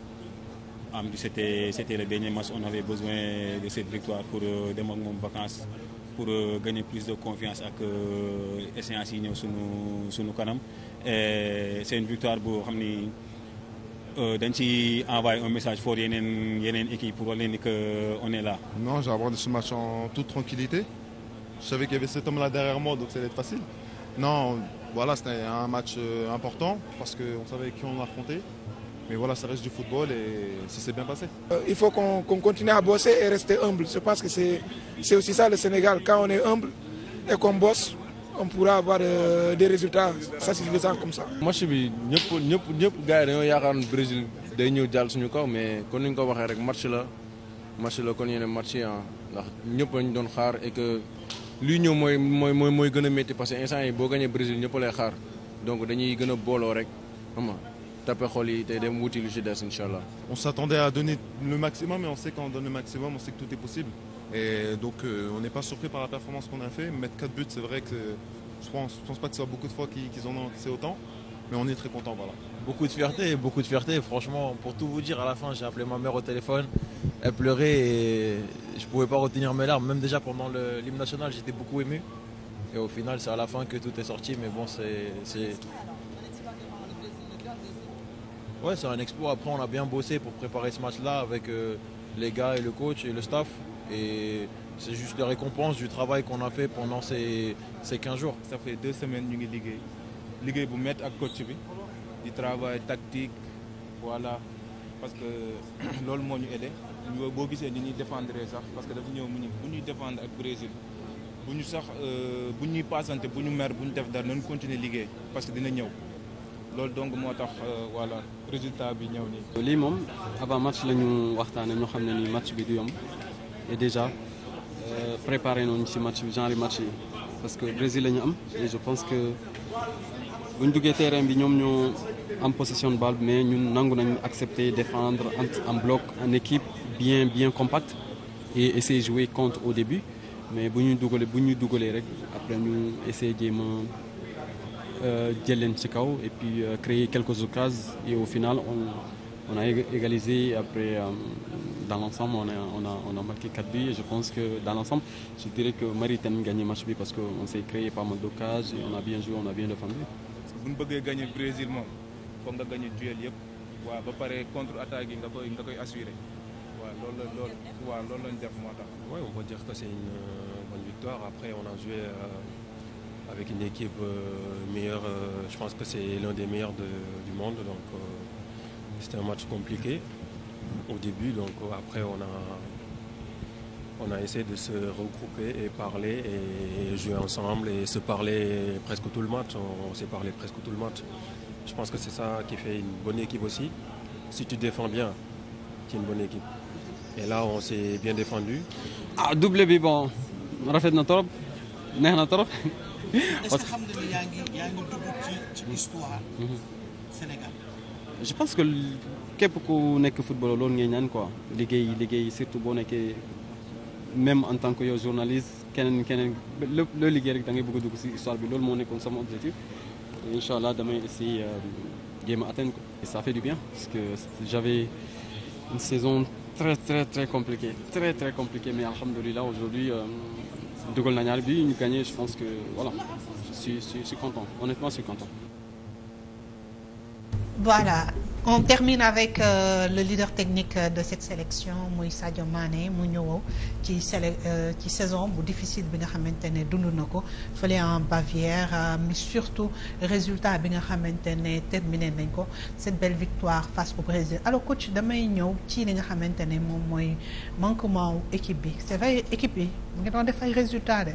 C'était le dernier match, on avait besoin de cette victoire pour euh, des de vacances, pour euh, gagner plus de confiance avec les séances sur nous. C'est une victoire pour... Euh, dañ ci envoyé un message fort yeneen yeneen équipe pour wane ni que euh, on est là. non j'ai abordé ce match en toute tranquillité je savais qu'il y avait cet homme là derrière moi donc ça allait être facile non voilà c'était un match euh, important parce que on savait qui on affrontait mais voilà ça reste du football et ça s'est bien passé. il faut qu'on qu'on continue à bosser et rester humble je pense que c'est c'est aussi ça le Sénégal quand on est humble et qu'on bosse on pourra avoir euh, des résultats satisfaisants comme match bi ñëpp ñëpp ñëpp gars yi dañoo yaakaar ne Brésil day ñëw jàll suñu kaw mais kon ni ñu ko waxee rek match la match la kon yéen match yi ah. ndax ñëpp lañ doon xaar et que luy ñëw mooy mooy mooy mooy gën a métti parce que instant yi boo gagné Brésil ñëpp lay xaar donc dañuy gën a booloo rek xam nga xol yi tey dem wuti lu ci des incha allah. on s'attendait à donner le maximum mais on sait que tout est possible. Et donc euh, on n'est pas surpris par la performance qu'on a fait. Mettre 4 buts, c'est vrai que je pense, je pense pas que ce soit beaucoup de fois qu'ils en ont encaissé autant, mais on est très content. Voilà. Beaucoup de fierté, beaucoup de fierté. Franchement, pour tout vous dire, à la fin, j'ai appelé ma mère au téléphone, elle pleurait et je pouvais pas retenir mes larmes. Même déjà pendant l'hymne national, j'étais beaucoup ému. Et au final, c'est à la fin que tout est sorti, mais bon, c'est. Ouais, c'est un exploit. Après, on a bien bossé pour préparer ce match-là avec euh, les gars et le coach et le staff. Et c'est juste la récompense du travail qu'on a fait pendant ces, ces 15 jours. Ça fait deux semaines que nous travaillons. Nous travaillons avec le coach, du travail tactique, voilà. Parce que loolu c'est ce qui boo gisee ni avons défendre sax parce que ñëw nous avons défendre avec le Brésil. bu ñu sax euh, bu ñuy passante bu ñu mer bu ñu def dara nañu continuer liggéey parce que dina ñëw loolu donc moo tax euh, voilà résultat bi ñëw nii. lii moom avant match la ñu waxtaanee ñoo xam ne nii match bi du yomb. et déjà euh, préparé nañu si match bi genre match yi parce que Brésil la ñu am et je pense que bu ñu duggee terrain bi ñoom ñoo am possession de balle mais ñun nangu nañu accepter défendre en bloc en équipe bien bien compacte et essayer jouer contre au début mais bu ñu dugalee bu ñu dugalee rek après ñu essayer jéem a euh, jël leen ci kaw et puis euh, créer quelques occasions et au final on on a égalisé après. dans l'ensemble, on a, on, a, on a marqué 4 buts. Et je pense que dans l'ensemble, je dirais que Maritime gagne le match parce qu'on s'est créé pas mal d'occasions on a bien joué, on a bien défendu. Parce que vous voulez gagner le Brésil, il faut gagner le duel. waaw ba pare contre attaque yi nga koy nga koy assuré waaw loolu la loolu waaw loolu lañ def moo tax. oui on peut dire que c'est une euh, bonne victoire après on a joué euh, avec une équipe euh, meilleure je pense que c'est l'un des meilleurs de, du monde donc c'était au début. Donc après, on a, on a essayé de se regrouper et parler et jouer ensemble et se parler presque tout le match. On, on s'est parlé presque tout le match. Je pense que c'est ça qui fait une bonne équipe aussi. Si tu défends bien, tu es une bonne équipe. Et là, on s'est bien défendu. ah double bi bon rafet na trop neex na trop. est-ce que xam nga ni yaa ngi yaa ngi dugg ci ci histoire mhm. Sénégal. je pense que. képp ku nekk footballeur loolu ngay ñaan quoi liggéey liggéey surtout boo nekkee même en tant que yow journaliste keneen keneen lépp loo liggéey rek da ngay bëgg a dugg si histoire bi loolu moo nekkoon sama objectif incha allah damay essayer euh, jéem a atteindre ko. et ça fait bien parce que j'avais une saison très très très compliquée très très compliquée mais alhamdulilah aujourd'hui euh, dugal na ñaar bi ñu gagné je pense que voilà je suis content honnêtement suis content. voilà on termine avec euh, le leader technique euh, de cette sélection muy Sadio Mané mu ñëw ci sele euh, ci saison bu difficile bi nga xamante ne dund na ko fële en Bavière euh, mais surtout résultat bi nga xamante ne terminer nañ ko cette belle victoire face au Brésil alors coach damay ñëw ci li nga xamante ne moom mooy manquement wu équipe bi c'est vrai équipe bi mu ngi doon def ay résultats de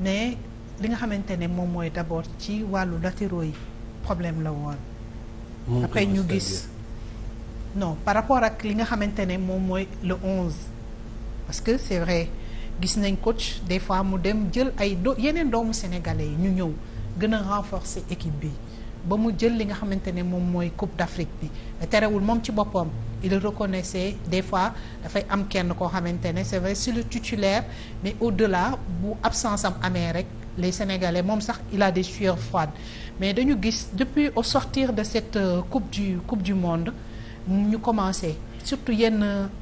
mais li nga xamante ne moom mooy d'abord ci wàllu latéraux yi problème la woon. après ñu gis non par rapport ak li nga xamante ne moom mooy le onze parce que c'est vrai gis nañ coach des fois mu dem jël ay do yeneen doomu sénégalais yi ñu ñëw gën a renforcer équipe bi ba mu jël li nga xamante ne moom mooy coupe d'Afrique bi terewul moom ci boppam il reconnaissait des fois dafay am kenn koo xamante ne c'est vrai c'est le titulaire mais au-delà bu absence am amee rek les sénégalais moom sax il a des sueurs froides mais dañu gis depuis au sortir de cette euh, coupe du coupe du monde ñu commencé surtout yenn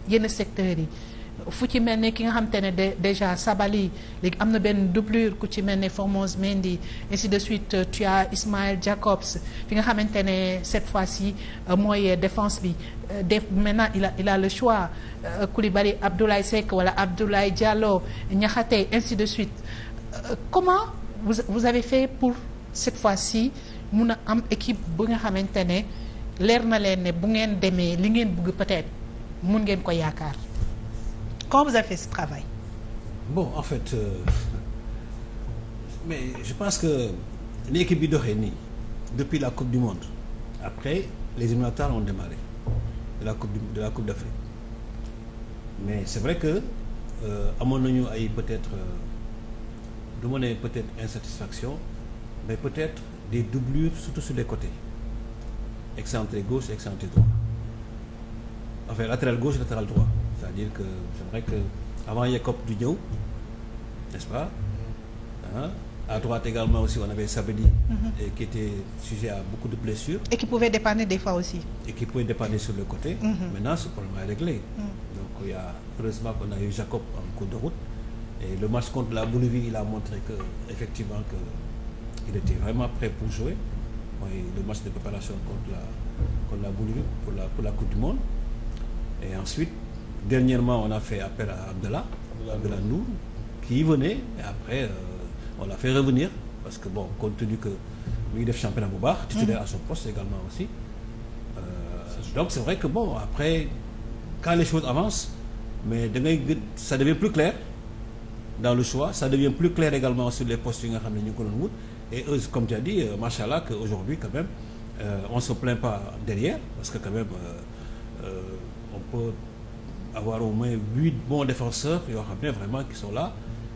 yenn secteurs yi fu ci mel ni ki nga xam te ne de déjà Sabali léegi am na benn doublure ku ci mel ne Formose Mendy ainsi de suite tu as Ismaël Jacobs fi nga xamante ne cette fois-ci euh, mooy défense bi euh, def maintenant il a il a le choix Koulibaly Abdoulaye Seck wala Abdoulaye Diallo Niakhaté ainsi de suite comment vous vous avez fait pour cette fois si mun a am équipe bu nga xamante ne leer na leen ne bu ngeen demee li ngeen bëgg peut-être mun ngeen ko yaakaar comment vous avez fait ce travail bon en fait euh, mais je pense que ni équipe bi doxee nii depuis la coupe du monde après les éliminatoires ont démarré de la coupe du, de la coupe d'Afrique mais c'est vrai que euh, amoon nañu ay peut-être euh, du ma ne peut-être insatisfaction mais peut-être des doublures surtout sur les côtés excentré gauche excentré droit enfin latéral gauche latéral droit c'est-à-dire que c'est vrai que avant Yacob du ñëw n'est-ce pas hein? à droite également aussi on avait Sabedi mhm. qui était sujet à beaucoup de blessures et qui pouvait dépanner des fois aussi et qui pouvait dépanner sur le côté mhm. maintenant ce problème est réglé mhm. donc il y a heureusement qu'on a eu Jacob en cours de route et le match contre la Bolivie qu'il était vraiment prêt pour jouer le match de préparation contre la contre la Bolivie pour la pour la Coupe du Monde et ensuite dernièrement on a fait appel à Abdallah Abdallah Ndour qui venait et après euh, on l'a fait revenir parce que bon compte tenu que mu ngi def championnat bu baax mm. titulaire à son poste également aussi euh, donc c'est vrai que bon après quand les choses avancent mais da ngay gën ça devient plus clair dans le choix ça devient plus clair également sur les postes yi nga xam ne ñu ngi ko doon wut Et eux, comme tu as dit, euh, machallah, qu'aujourd'hui, quand même, euh, on ne se plaint pas derrière, parce que quand même, euh, euh on peut avoir au moins 8 bons défenseurs, il y aura bien vraiment qui sont là.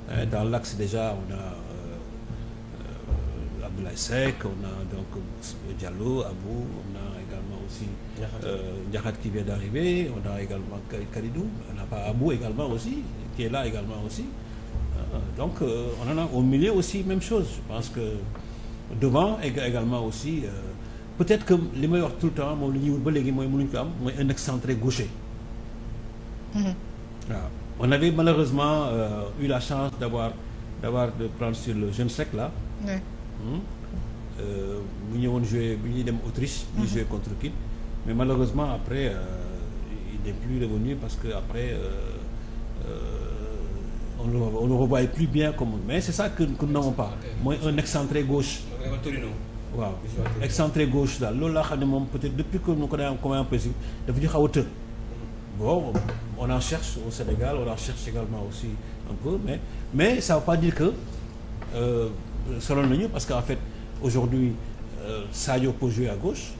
Hein, euh, dans l'axe, déjà, on a euh, Abdoulaye Sek, on a donc Diallo, Abou, on a également aussi Ndiakat qui vient d'arriver, on a également Kalidou, on a pas Abou également aussi, qui est là également aussi. Euh, donc euh, on en a au milieu aussi même chose je pense que devant également aussi euh, peut-être que li may wax tout le temps moom li ñuy wut ba léegi mooy mënuñ ko am mooy un excentré gaucher. waaw mhm. on avait malheureusement eu la chance d'avoir d'avoir de prendre sur le jeune sec là. bu ñëwoon jouer bu ñuy dem Autriche. bu mhm. ñuy contre Kidd mais malheureusement après il n'est plus revenu parce que après. on le on le revoit plus bien comme mais c'est ça que que nous n'avons mooy un excentré gauche. waaw excentré gauche daal loolu laa xam ne moom peut-être depuis que nu ko daan comment président dafa ñu xaw a të. bon on en cherche au Sénégal on en cherche également aussi un peu mais mais ça veut pas dire que euh, solo nañu parce que en fait aujourd'hui euh, Sadio peut jouer à gauche.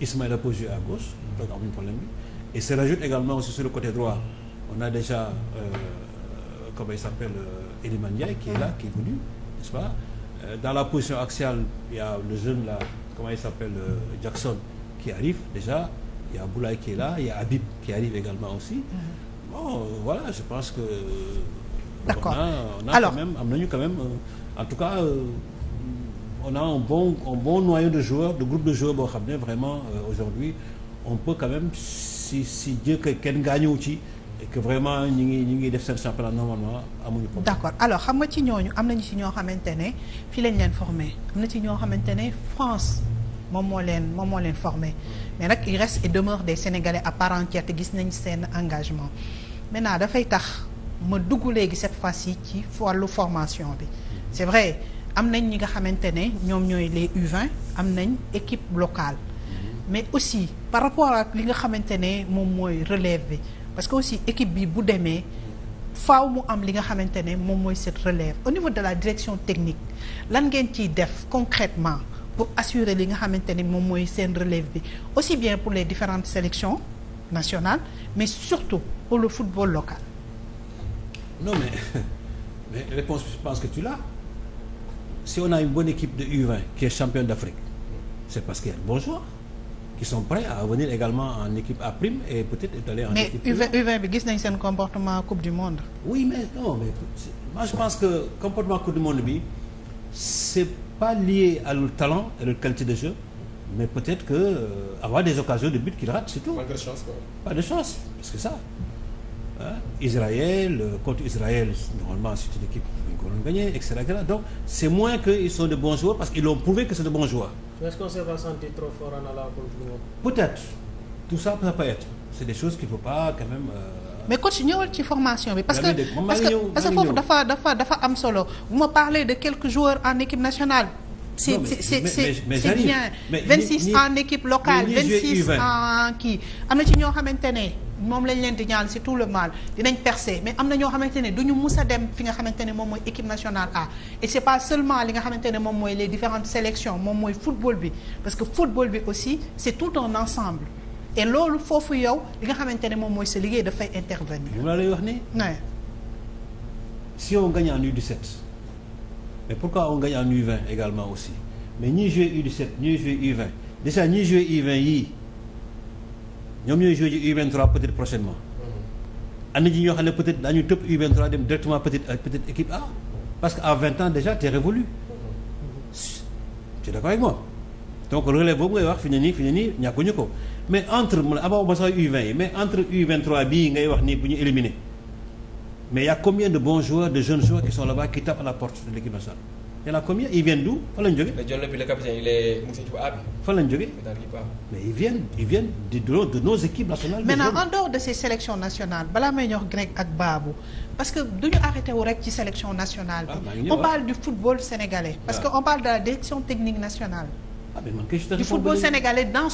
Ismaïla peut jouer à gauche. donc amuñu problème bi et se a déjà. Euh, comment il s'appelle, euh, Eliman Ndiaye, qui est là, qui est venu, n'est-ce pas euh, Dans la position axiale, il y a le jeune là, comment il s'appelle, euh, Jackson, qui arrive déjà. Il y a Boulaye qui est là, il y a Habib qui arrive également aussi. Mm-hmm. Bon, voilà, je pense que. D'accord. On a, on a Alors, quand même, on a quand même, en tout cas, on a un bon, un bon noyau de joueurs, de groupe de joueurs, bon, vraiment, aujourd'hui, on peut quand même, si, si Dieu que quelqu'un gagne aussi, et que vraiment ñi ngi ñi ngi def seen championnat normalement amuñu problème. alors xam nga ci ñooñu am nañu ci ñoo xamante ne fii lañ leen formé am na ci ñoo xamante ne France moom moo leen moom moo leen formé mais nag il reste et demeure des Sénégalais à part te gis nañ seen engagement maintenant dafay tax ma dugg léegi cette fois yi ci wàllu formation bi c' est vrai am nañ ñi nga xamante ne ñoom ñooy les uvent am nañ équipe locale mm-hmm. mais aussi par rapport ak li nga xamante ne moom mooy relève bi parce que aussi équipe bi bu demee faaw mu am li nga xamante ne moom mooy cette relève au niveau de la direction technique lan ngeen ci def concrètement pour assurer li nga xamante ne moom mooy seen relève bi aussi bien pour les différentes sélections nationales mais surtout pour le football local. non mais mais réponse je pense que tu l'as si on a une bonne équipe de U20 qui est championne d'Afrique c'est parce qu'il qui sont prêts à venir également en équipe à prime et peut-être étaler en mais équipe. Mais U20 bi gis nañ seen comportement Coupe du Monde. oui mais non mais moi je pense que comportement Coupe du Monde bi c'est pas lié à leur talent et leur qualité de jeu mais peut-être que euh, avoir des occasions de but qu'ils ratent c'est tout. pas de chance quoi. pas de chance parce que ça hein? Israël euh, contre Israël normalement c'est une équipe. ont gagné, etc., etc. Donc, c'est moins qu'ils sont de bons joueurs parce qu'ils ont prouvé que c'est de bons joueurs. Peut-être. Tout ça, ça être. C'est des choses qu'il ne faut pas quand même. Euh, mais coach ñëwal ci parce que parce que parce dafa dafa am solo bu ma parler de quelques joueurs en équipe nationale c'est c'est bien 26 en équipe locale 26 en kii am na ci ñoo xamante ne moom lañ leen di ñaan c'est tout le mal dinañ percer mais am na ñoo xamante ne du ñu mus a dem fi nga xamante ne moom mooy équipe nationale A et c'est pas seulement li nga xamante ne moom mooy les différentes sélections moom mooy football bi parce que football bi aussi c'est tout un ensemble et loolu foofu yow li nga xamante ne moom mooy sa liggéey dafay intervenir. moom laa lay wax ni. si on gagne en mais pourquoi on gagne en également aussi mais ñiy joué U17 ñiy joué U20 déjà ñiy joué u yii ñoom ñooy joué ji U23 peut-être prochainement. Mm-hmm. am na ji ñoo xam ne peut-être daañu tëb U23 dem directement peut-être euh, peut équipe A parce que à 20 ans déjà t'es révolu. Mm-hmm. tu es d'accord donc relève boobu ngay wax fi ne nii fi ne nii ñàkkuñu ko mais entre man amoo ba sax u yi mais entre U23 bii ngay wax nii bu ñu éliminé. Mais il y a combien de bons joueurs, de jeunes joueurs qui sont là-bas, qui tapent à la porte de l'équipe nationale i y en a combien Ils viennent d'où Fan lañ jóge le capitaine, il est de, nos équipes nationales. Maintenant, en dehors de ces sélections nationales, balaa may ñor Greg ak Babou, parce que duñu arrêté wu rek ci sélection nationale bi. Ah, on ah. parle du football sénégalais parce que ah. on parle de la direction technique nationale. Ah mais man kay je te du football sénégalais dans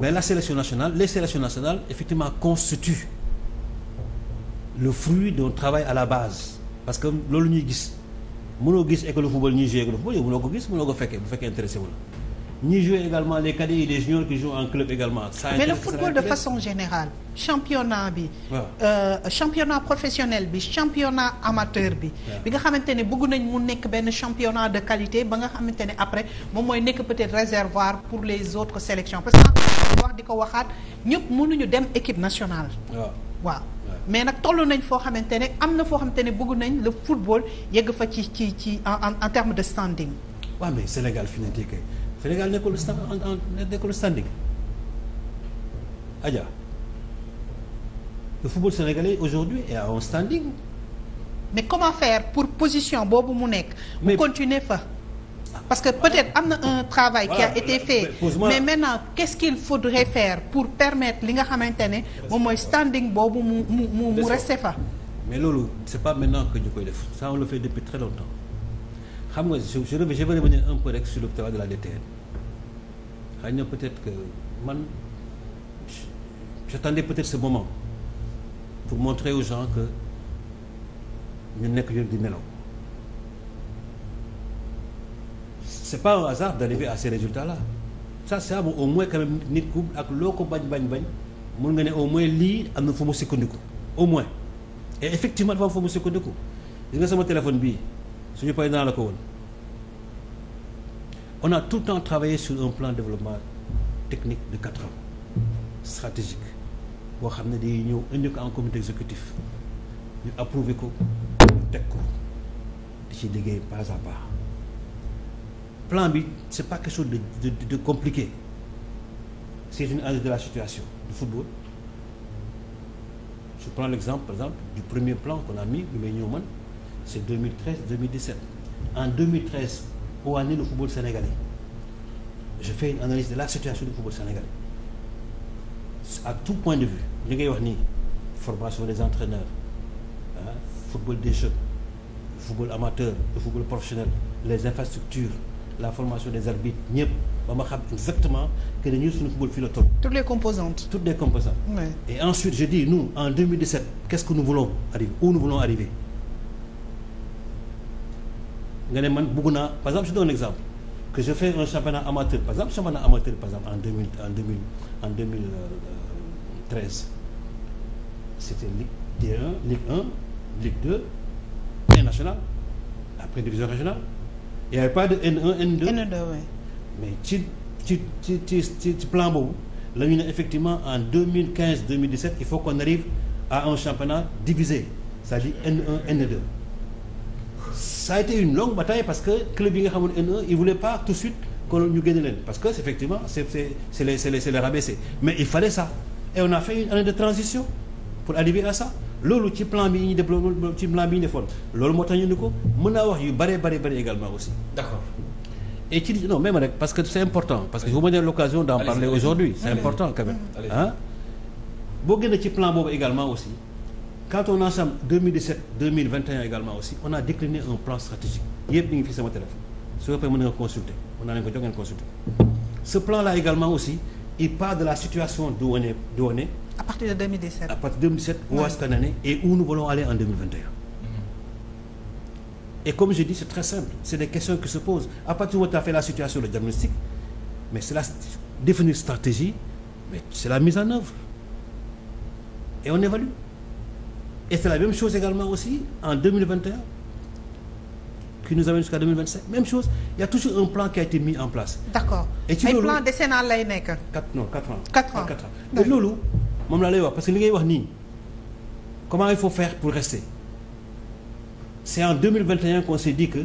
mais la sélection nationale les sélections nationales effectivement constituent le fruit d'un travail à la base parce que loolu ñuy gis mënoo gis école de football ñuy joué école de football yow mënoo ko gis mënoo ko fekkee bu fekkee intéressé wu la ñuy jouer également les cadets et les juniors qui jouent en club également. Ça mais le football de façon générale championnat bi. Ouais. Euh, championnat professionnel bi championnat amateur bi. bi nga xamante ne bëgg nañ mu nekk benn championnat de qualité ba nga xamante ne après moom mooy nekk peut-être réservoir pour les autres sélections parce que wax di ko waxaat ñëpp mënuñu dem équipe nationale. waaw mais nag toll nañ foo xamante ne am na foo xamante ne bëgg nañ le football yegg fa ci ci ci en en terme de standing. waaw mais Sénégal fi ñu nekkee Sénégal nekkul stand nekkul standing Adja le football sénégalais aujourd'hui est à un standing. mais comment faire pour position boobu mu nekk. mais continuer fa. parce que peut-être am na un travail. qui a été fait mais maintenant qu'est-ce qu'il faudrait faire pour permettre li nga xamante ne moom mooy standing boobu mu mu mu mu fa. mais loolu c'est pas maintenant que ñu koy def ça on le fait très longtemps. xam nga je je je vais revenir un peu rek sur le de la DTN xëy na peut-être que man j'attendais peut-être ce moment pour montrer aux gens que ñu nekk ñu di nelaw c'est pas un hasard d'arriver à ces résultats-là ça c'est au moins quand nit ku ak loo ko bañ bañ bañ mun nga ne au moins lii am na fu mu sukkandiku au moins et effectivement dafa am fu mu sukkandiku nga sama téléphone bii. suñu président la ko woon on a tout le temps travaillé sur un plan développement technique de quatre ans stratégique boo xam ne day ñëw indi ko en comité exécutif ñu approuvé ko teg ko di ci liggéey pas à pas plan bi c'est pas quelque chose de de, de compliqué c'est une analyse de la situation du football je prends l'exemple par exemple du premier plan qu'on a mis bi may ñëw man c'est 2013 2017 en 2013 où en est le football sénégalais je fais une analyse de la situation du football sénégalais à tout point de vue li ngay wax ni formation des entraîneurs ah football des jeunes football amateur le football professionnel les infrastructures la formation des arbitres ñëpp ba ma xam exactement que ne ñun suñu football fii toutes les composantes. toutes les composantes. et ensuite je dis nous en qu'est-ce que nous voulons arriver où nous voulons arriver. nga ne man bugg naa par exemple je donne un exemple que je fais un championnat amateur par exemple championnat amateur par exemple en deux en en euh, treize. c'était Ligue D1 Ligue 1 Ligue 2 et national après division régionale il y avait pas de N1 N2. mais ci ci ci ci ci plan boobu la ñu ne effectivement en deux mille quinze deux mille dix il faut qu'on arrive à un championnat divisé cest dire n un N2. ça a été une longue bataille parce que club yi nga xamoon N1 ils voulaient pas tout de suite que ñu génne leen parce que effectivement c'est c'est c'est les c'est les mais il fallait ça et on a une année transition pour arriver à ça loolu ci plan bi ñu déployé loolu moo tax ñu ni ko mën naa wax yu bare bare bare également aussi. d'accord et ci non même rek parce que c'est important parce que il faut me l'occasion d'en parler aujourd'hui c'est important aussi. quand on ensemble 2017 2021 également aussi on a décliné un plan stratégique yëpp ñu ngi téléphone su ko paree mën nga consulter mën naa leen ko ce plan là également aussi il part de la situation d'où on est d'où on est à partir de 2017 à partir de 2017 où est et où nous voulons aller en mm-hmm. et comme je dis c'est très simple c'est des questions qui se posent à partir où tu as fait la situation le diagnostic mais c'est la définir stratégie mais c'est la mise en œuvre et on évalue et c'est la même chose également aussi en 2021 qui nous amène jusqu'à 2025 même chose il y a toujours un plan qui a été mis en place. d'accord et ci loolu ay plan décennal lay nekk. quatre non quatre ans. Ah, loolu moom la lay wax parce que li ngay wax nii comment il faut faire pour rester c'est en 2021 qu'on s'est dit que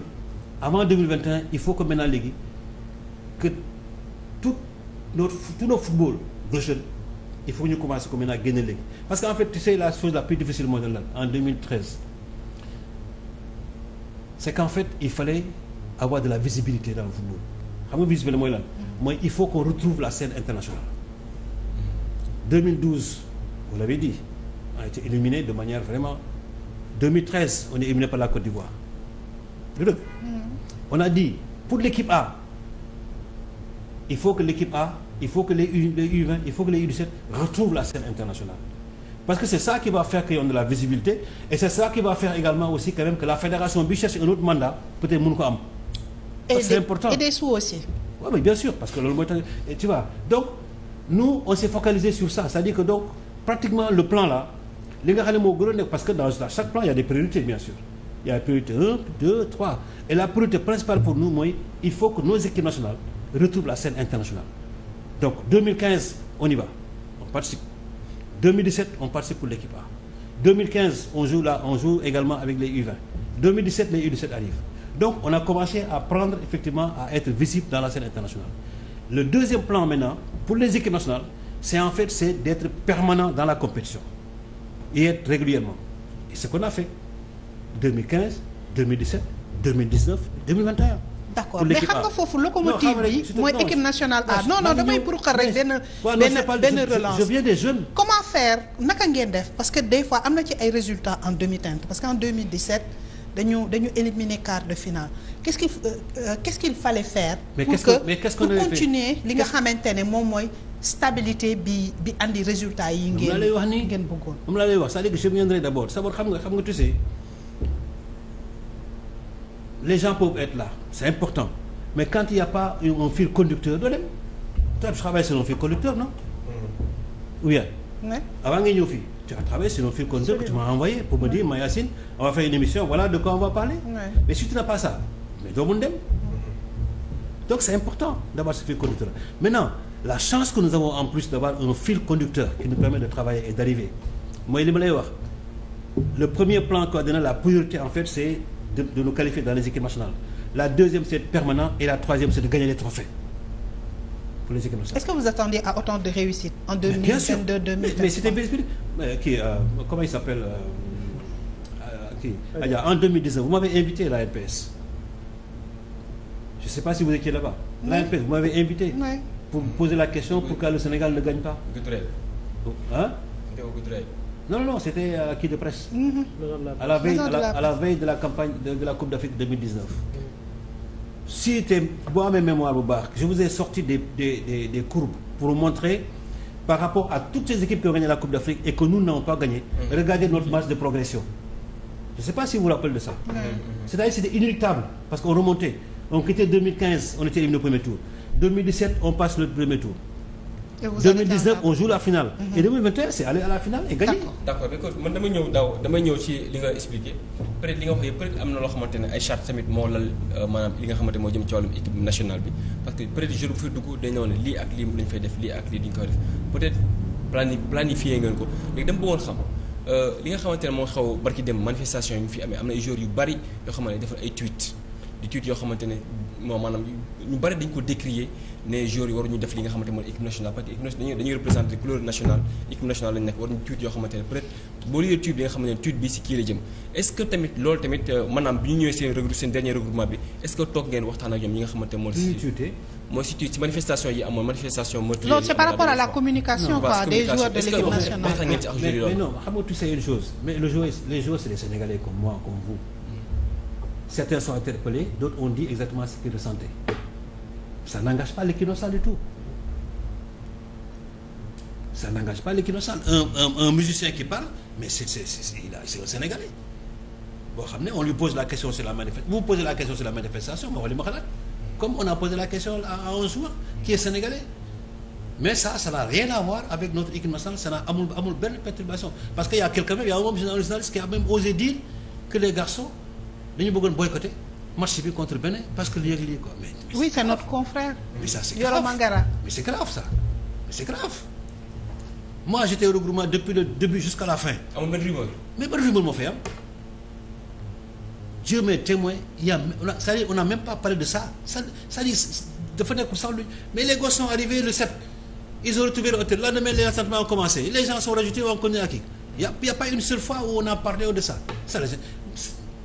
avant 2021 il faut que maintenant léegi que tout notre tout notre football de jeunes. il faut ñu commencer ko maintenant génne léegi parce que en fait tu sais la chose la plus difficile mooy lan en 2013 c'est qu'en fait il fallait avoir de la visibilité dans le football xam nga visibilité mooy lan mooy il faut qu'on retrouve la scène internationale 2012 vous l'avez dit on a éliminé de manière vraiment 2013 on est éliminé par la Côte d'Ivoire dëgg mm. Mm-hmm. on a dit pour l'équipe A il faut que l'équipe A il faut que les U les U20 il faut que les U17 retrouvent la scène internationale parce que c'est ça qui va faire qu'ils ont de la visibilité et c'est ça qui va faire également aussi que la fédération bi cherche un autre mandat peut-être mën ko am. c'est important et des sous aussi. oui bien sûr parce que loolu le plan là li nga xam ne moo gën parce que dans chaque plan il y a des priorités bien sûr. il y a priorité 1 et la priorité principale pour nous mooy il faut que nos équipes nationales retrouvent la donc 2015 on y va on participe 2017 on participe pour l'équipe A 2015 on joue U20 2017 U17 arrivent donc a commencé à prendre effectivement à être visible dans la le deuxième plan maintenant pour les équipes nationales c'est en fait c'est d'être permanent dans la compétition et être régulièrement et c'est ce qu'on a fait 2015 2017 2019 d'accord mais xam nga foofu locomotive bi mooy équipe nationale A non non damay buruqal rek benn benn relance comment faire naka ngeen def parce que des fois am na ci ay résultats en demi parce que en 2017 dañu dañu éliminer quart de finale qu'est-ce qu'il euh, euh quest fallait faire pour que mais continuer li nga xamante ne moom mooy stabilité bi bi andi résultat yi ngeen ngeen bëggoon moom laa lay wax c'est-à-dire que je viendrai d'abord d'abord xam nga xam nga tu les gens peuvent être là c'est important mais quand il y a pas un fil conducteur doo tu as travaillé sur un fil conducteur non. Mm-hmm. oui avant nga ñëw fii tu as travaillé sur un fil conducteur que tu m'as envoyé pour me dire mm-hmm. Mayacine on va faire une émission voilà de quoi on va parler. mais si tu n'as pas ça mais doo dem. Mm-hmm. donc c'est important d'avoir ce fil conducteur maintenant la chance que nous avons en plus d'avoir un fil conducteur qui nous en de, de nous qualifier dans les équipes nationales. La deuxième, c'est permanent. Et la troisième, c'est de gagner les trophées pour les équipes nationales. Est-ce que vous attendez à autant de réussite en 2022 2023 Mais c'était euh, qui euh, Comment il s'appelle euh, euh, qui ah, En vous m'avez invité la NPS. Je sais pas si vous étiez là-bas. La NPS, vous m'avez invité pour me poser la question oui. pourquoi le Sénégal ne gagne pas. Hein? non non c'était euh, de presse. Mhm. à la veille à la, à la veille de la campagne de, la Coupe d'Afrique si te boo amee mémoire bu baax je vous ai sorti des des des des courbes pour vous montrer par rapport à toutes ces équipes qui ont gagné la Coupe d'Afrique et que nous n'avons pas gagné. Mhm. regardez notre marge de progression. je sais pas si vous rappelez de ça. c'est-à-dire c'était inéluctable parce qu'on remontait on quittait on était éliminé au premier tour on passe le premier tour. 2019 on joue la finale. Mm-hmm. et 2021 c'est aller à la finale et gagner. d'accord d'accord man dama ñëw daaw dama ñëw ci li nga expliqué peut li nga wax yëpp peut am na loo xamante ne ay charte tamit moo lal euh, maanaam li nga xamante moo jëm ci équipe nationale bi parce que peut être jour bu fi dugg dañoo ne lii ak lii lañ fay def lii ak lii duñ koy def peut être plani planifié ngeen ko léegi dama bëggoon xam. Euh, li nga xamante ne moo xaw barki moom maanaam ñu bari dañ ko décrier ne joueurs yi waruñu def li nga xamante mooy équipe nationale parce équipe nationale équipe nationale lañu nekk waruñu tuut yoo xamante ne peut-être boo liee tuut bi xamante ne tuut bi ci kii la jëm est que tamit loolu tamit maanaam bi ñu ñëwee seen regrou seen dernier regroupement bi est que toog ngeen waxtaan ak ñoom ñi nga xamante mooy mooy si tuut ci manifestation yi amoon manifestation meurtrière non c'est certains so interpellés d'autres ont dit exactement ce qu'ils ressentaient ça n'engage pas les innocents du tout ça n'engage pas les innocents un, un, qui parle mais c'est c'est c'est un Sénégalais boo on lui pose la question sur la manifestation vous posez la question sur la manifestation ma wax li ma comme on a posé la question à un joueur qui est sénégalais mais ça n'a rien à avec notre équipe nationale n'a amul amul benn parce que y a quelqu'un même y a un dañu bëggoon boycotter match bi contre Bénin parce que lii ak lii quoi. mais oui c'est notre confrère. mais ça c'est grave Yoro Mangara. mais c'est depuis le début jusqu'à la fin. amul benn rumeur. mais benn rumeur moo fay am. Dieu m'est témoin il y on a cest dire on n'a même pas parlé de ça ça dire dafa nekkul sax lu mais les gosses sont arrivés le 7 ils ont retrouvé le hôtel le lendemain les attentats ont commencé les gens sont rajoutés on connaît à qui il y pas une seule fois on a parlé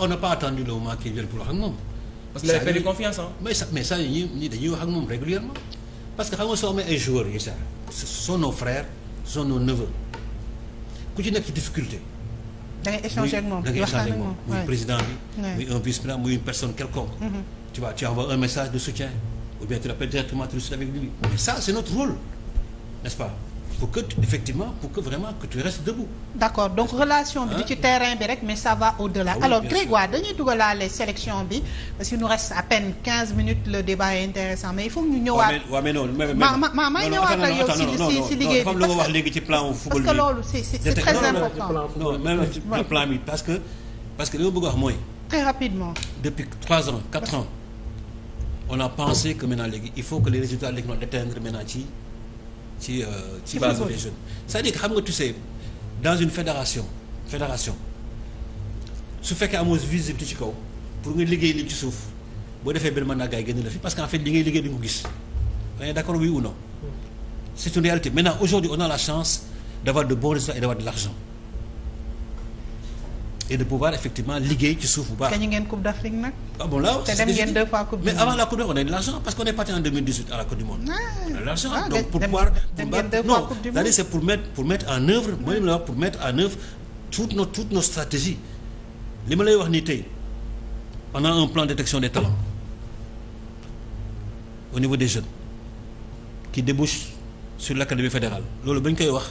on n'a pas attendu le moment qui pour wax parce que vous avez perdu confiance ah. mais ça mais ça ñii régulièrement parce que xam nga soo amee ay joueurs yi sax nos frères ce nos neveux ku ci nekk ci difficulté. da ngay échanger ak moom da ngay président bi. une personne quelconque. Mm-hmm. tu vois un message de soutien ou bien tu l'appelles directement tu discutes avec lui mais c'est notre rôle n'est-ce pas. pour que effectivement pour que vraiment que tu restes debout. d'accord donc relation bi du ci terrain bi rek mais ça va au-delà. Ah oui, alors Grégoire dañuy dugalaale sélection bi parce que nous reste à peine 15 minutes le débat est intéressant mais il faut ñu ñëwaat. waaw mais mais ma ma ma ñëwaat ak yow. si si liggéey bi parce que non wax léegi ci plan football bi. parce que loolu c'est c'est très important. non même ci plan bi parce que parce que li ma bëgg wax mooy. très a pensé Euh, ci ci base des jeunes c'est-à-dire que xam nga tu sais dans une fédération fédération su fekkee amoo visibilité ci kaw pour nga liggéey li ci suuf boo defee benn mën naa gars génn la fi parce que en fait li ngay liggéey du nga ko gis on est d'accord oui ou non hmm. c'est une réalité maintenant aujourd'hui on a la chance d'avoir de bons résultats et de l'argent et de pouvoir effectivement liggéey ci suuf bu baax. kañ ngeen Coupe d'Afrique nag. ah bon là te dem fois mais avant la Coupe a eu de l'argent parce qu'on est parti en 2018 à la Coupe du ah. de l'argent ah, donc pour mettre pour mettre en œuvre. mooy la pour mettre en œuvre toutes nos toutes nos stratégies li ma lay wax ni tey on a un plan détection des talents au niveau des jeunes qui débouche sur l'académie fédérale loolu ba ñu koy wax.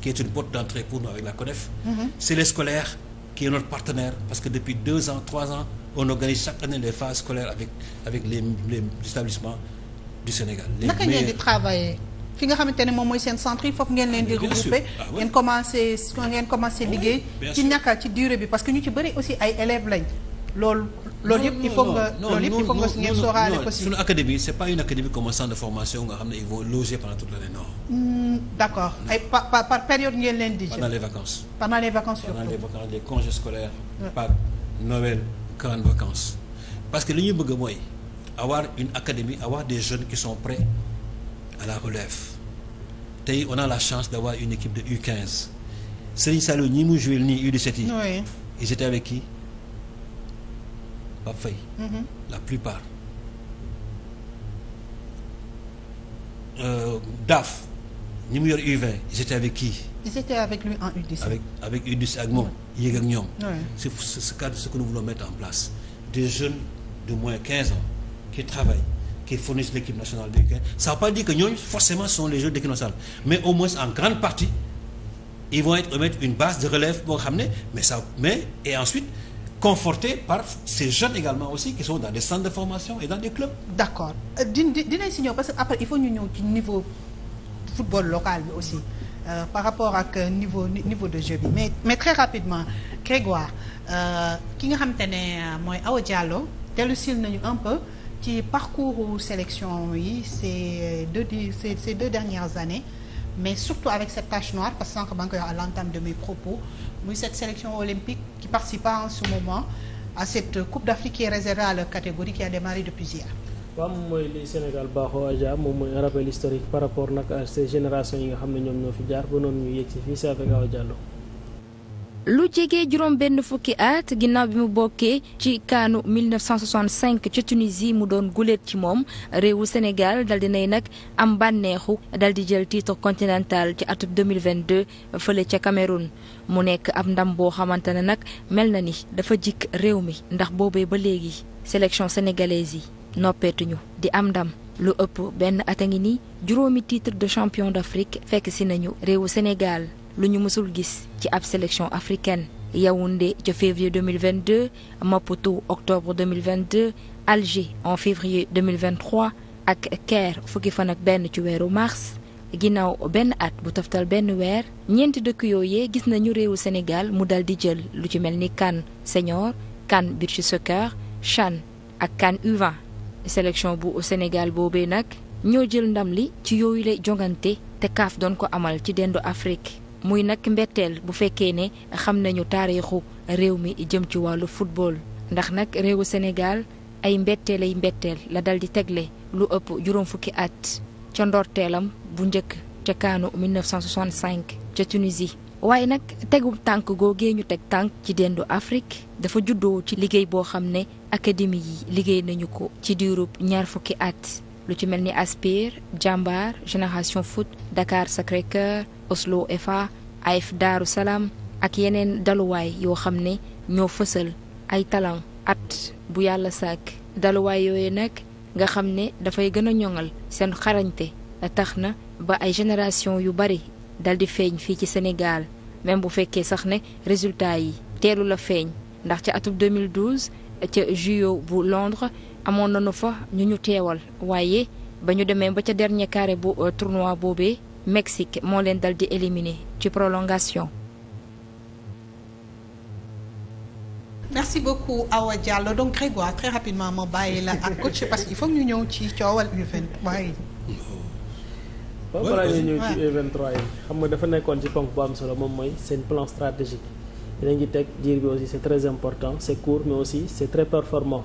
qui est une porte d'entrée pour nous avec la CODEF. Mhm. C'est les scolaires qui est notre partenaire parce que depuis deux ans, trois ans, on organise chaque année les phases scolaires avec les, établissements du Sénégal. naka ngeen di travailler fi nga xamante ne moom mooy seen centre foofu ngeen leen di ah, regroupé ah, ngeen commencé ngeen commencé liggéey ci ñàkka ci durée bi parce que ñu ci bëri aussi ay élèves lañ loolu. loolu yëpp il faut nga loolu yëpp il faut nga ngeen académie c'est pas une académie comme de formation nga xam ne ils vont loger pendant toute l'année non. Hmm, ay par par période ngeen leen di. pendant les vacances. pendant les vacances surtout pendant les vacances par Noël grandes vacances. parce que li ñu bëgg mooy avoir une académie avoir des jeunes qui sont prêts à la relève tey on a la chance d'avoir une équipe de U15 Serigne Saliou ñi mu joué nii U17 yi. ils étaient Pape Faye mm-hmm. la plupart euh, DAF ñi mu yor U20 ils étaient avec qui ils étaient avec lui en u avec avec U17 ak moom yéeg ak ñoom c'est ce que nous voulons mettre en place des jeunes de moins quinze ans qui travaillent qui fournissent l'équipe nationale du Caire ça ne pas dire que ñooñu forcément sont les jeunes de l'équipe nationale mais au moins en grande partie ils vont être une base de relève boo xam ne mais mais et ensuite conforté par ces jeunes également aussi qui sont dans des centres de formation et dans des clubs. d'accord euh, dinañ si parce que après il faut ñu ñëw ci niveau football local bi aussi euh, par rapport ak niveau niveau de jeu bi mais mais très rapidement Grégoire euh, ki nga xamante ne mooy Awa Diallo dellu sil nañu un peu ci parcours sélection yi ces deux ces deux dernières années. mais surtout avec cette tache noire parce que sànq maa ngi koy wax à l'entame de mes propos muy cette sélection olympique qui participe en moment à cette coupe d'Afrique qui est à leur catégorie qui a démarré depuis hier. waaw mooy li Sénégal baaxoo Adja moom mooy un rappel historique par rapport nag à ces générations yi nga xam ne ñoom ñoo fi jaar ba noonu ñu yegg si fii c'est avec Awa Diallo. lu jege juróom benn fukki at ginnaaw bi mu bokkee ci kaanu 1965 ci Tunisie mu doon guléet ci moom réewu Sénégal dal di nay nag am bànneexu dal di jël titre continental ci atum 2022 fële ca Cameroun mu nekk ab ndam boo xamante ne nag mel na ni dafa jikk réew mi ndax boobee ba léegi sélection sénégalaise yi noppeetuñu di am ndam lu ëpp benn at a ngi ni juróomi titre de champion d'Afrique fekk si nañu réewu Sénégal lu ñu mësul gis ci ab sélection africaine Yaoundé ca février 2022 Maputo octobre 2022 Alger en février 2023 ak Caire fukki fan ak benn ci weeru mars ginnaaw benn at bu toftal benn weer ñeenti dëkk yooyee gis nañu réewu Sénégal mu dal di jël lu ci mel ni CAN senior CAN beach soccer CHAN ak CAN U20 bu Sénégal boobe nag ñoo jël ndam li ci yooyu lay jongante te kaaf doon ko amal ci dendu Afrique muy nag mbetteel bu fekkee ne xam nañu taarixu réew mi jëm ci wàllu football ndax nag réewu Sénégal ay mbetteel ay mbetteel la dal di tegle lu ëpp juróom fukki at ca ndorteelam bu njëkk ca kaanu 1965 ca Tunisie. waaye nag tegu tànk googee ñu teg tànk ci dendu Afrique dafa juddoo ci liggéey boo xam ne académie yi liggéey nañu ko ci diirub ñaar fukki at lu ci mel ni Aspire Jambar Génération Foot Dakar sacré Oslo FA AF Daaru Salaam ak yeneen daluwaay yoo xam ne ñoo fësal ay talan at bu yàlla sàkk daluwaay yooyu nag nga xam ne dafay gën a ñoŋal seen xarañte tax na ba ay génération yu bari dal di feeñ fii ci Sénégal même bu fekkee sax ne résultat yi teelu la feeñ ndax ca atum 2012 ca JO bu Londres amoon nañu fa ñu ñu teewal waaye ba ñu demee ba ca dernier carré bu euh, tournoi boobee Mexique moo leen dal di éliminé ci prolongation. merci beaucoup Awa Diallo donc Grégoire très ma bàyyi la ak coach parce que il faut ñu ñëw ci coowal U23 yi. ba balaa ñuy ci U23 xam nga dafa nekkoon ci ponk bu am solo moom mooy seen plan stratégique. dinañ ngi teg diir bi aussi c'est très important c'est court mais aussi c'est très performant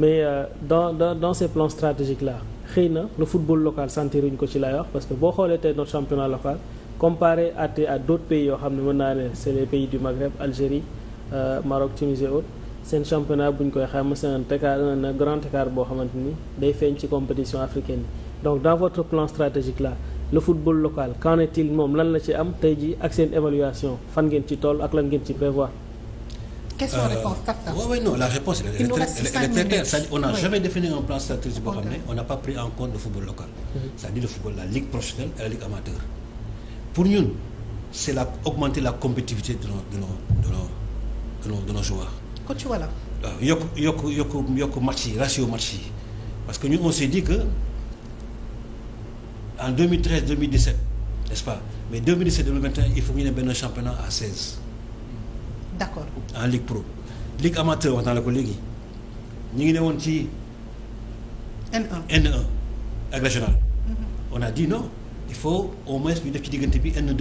mais euh, dans dans dans ces plans stratégiques là. xëy na le football local ruñ ko ci laay wax parce que boo xoolee tey notre championnat local comparé à à d'autres pays yoo xam ne mën naa ne c'est les pays du Maghreb Algérie euh, Maroc Tunisie et autres seen championnat bu ñu koy xayma c'est un écart un grand écart boo xamante ni day feeñ ci compétition africaine yi donc dans votre plan stratégique là le football local qu'en est-il moom lan la ci am tey ji ak seen évaluation fan ngeen ci toll ak lan ngeen ci prévoir question eh, réponse captable. oui oh, oui non la réponse elle, elle, elle, elle très on n'a jamais défini un plan stratégique boo xam ne on n'a pas pris en compte le football local. c'est-à-dire le football la ligue professionnelle et la ligue amateur. pour ñun c'est la augmenter la compétitivité de nos de nos de nos de yokk yokk yokk match yi ratio match yi parce que ñun on s'est dit que en 2013 ce pas mais il faut ñu ne benn championnat à d'accord en ligue pro ligue amateur wax naa la ko léegi ñu ngi ne woon ci. N1 N1 ak régional. on a dit non il faut au moins ñu def ci diggante bi n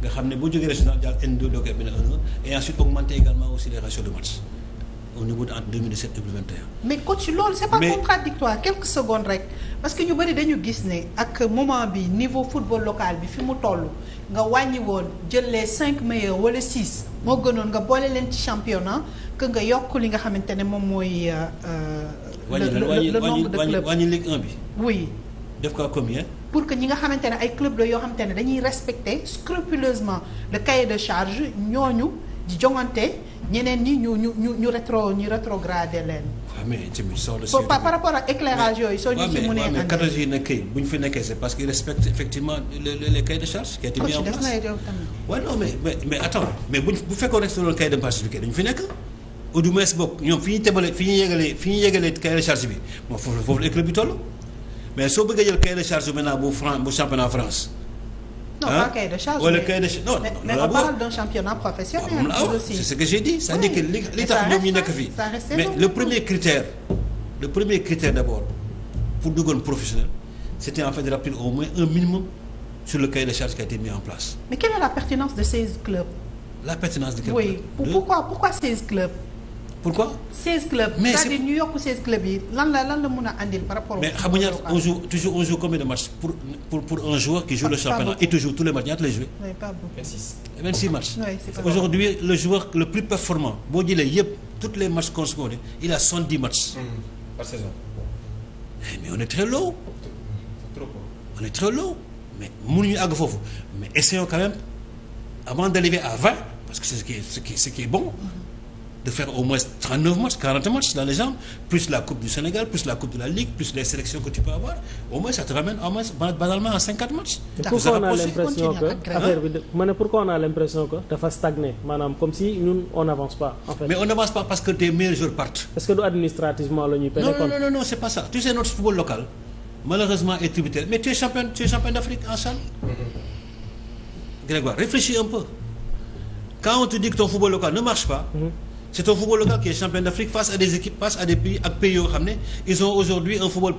nga xam ne boo jógee régional daal N2 doog a N1 et ensuite augmenter également aussi de ratios de match. au niveau de entre mais coach loolu c'est pas mais... contradictoire quelques secondes rek parce que ñu bëri dañu gis ne ak moment bi niveau football local bi fi mu toll nga wàññi woon jël les cinq meilleurs wala six moo gënoon nga boole leen ci championnat que nga yokk li nga xamante ne moom mooy. Euh, euh, wàññi wàññi wàññi wàññi Ligue 1 bi. oui. def ko combien. pour que ñi nga xamante ne ay club la yoo xamante ne dañuy respecter scrupuleusement le cahier de charge ñooñu. di jongante ñeneen ñi ñu ñu ñu ñu rétro ñu rétrogradé leen. waaw ah, mais tamit soxna si. par rapport ak éclairage yooyu. soo ñu ci mënee andi nag kay bu ñu fi nekkee c'est parce qu'ils respectent effectivement les les cahiers de charge. qui a été mis en mais mais mais mais bu fekkoon rek si de charge bi kay dañu fi nekk. au du moins bokk ñoom fi ñuy tebale fi ñuy yëgalee fi ñuy yëgalee cahier de charge bi moom foofu foofu la bi toll mais soo bëggee jël cahier de charge non pas cahier de charge. wala cahier de charge non. mais on parle d'un championnat professionnel. Ah, c'est ce que j'ai dit cest dire que li tax ñoom ñu nekk fii. mais le premier critère. le premier critère d'abord pour duggoon professionnel c'était en fait de remplir au moins un minimum sur le cahier de charge qui a été mis en place. mais quelle est la pertinence de ces clubs. la pertinence de clubs. oui pourquoi pourquoi ces clubs. pourquoi. 16 mais cest à ñu yokk 16 clubs yi lan la lan la mën a andil par rapport. mais xam nga ñaata on joue toujours on joue combien de matchs pour pour pour un joueur qui joue le championnat et toujours tous les matchs ñaata lay joué. oui aujourd'hui le joueur le plus performant boo jëlee yëpp toutes les matchs qu'on score il a 70 matchs. Hmm, par saison. Eh, mais on est très low. on est très low mais mënuñu àgg foofu mais essayons quand même avant d'arriver à 20 parce que c'est ce qui de faire au moins 39 matchs dans les jambes plus la coupe du Sénégal plus la coupe de la Ligue plus les sélections que tu peux avoir au moins ça te au moins banalement à 50 matchs. pourquoi ma ne pourquoi on a l'impression que dafa stagner maanaam pas. parce que tes meilleurs joueurs est-ce que du administrativement la ñuy. non non non non c'est pas ça tu sais notre football local malheureusement est tributaire mais tu es champion tu es champion d'Afrique en c'est un football local qui est champion d'Afrique face à des équipes face à des pays ak pays yoo xam ne ils ont aujourd'hui un football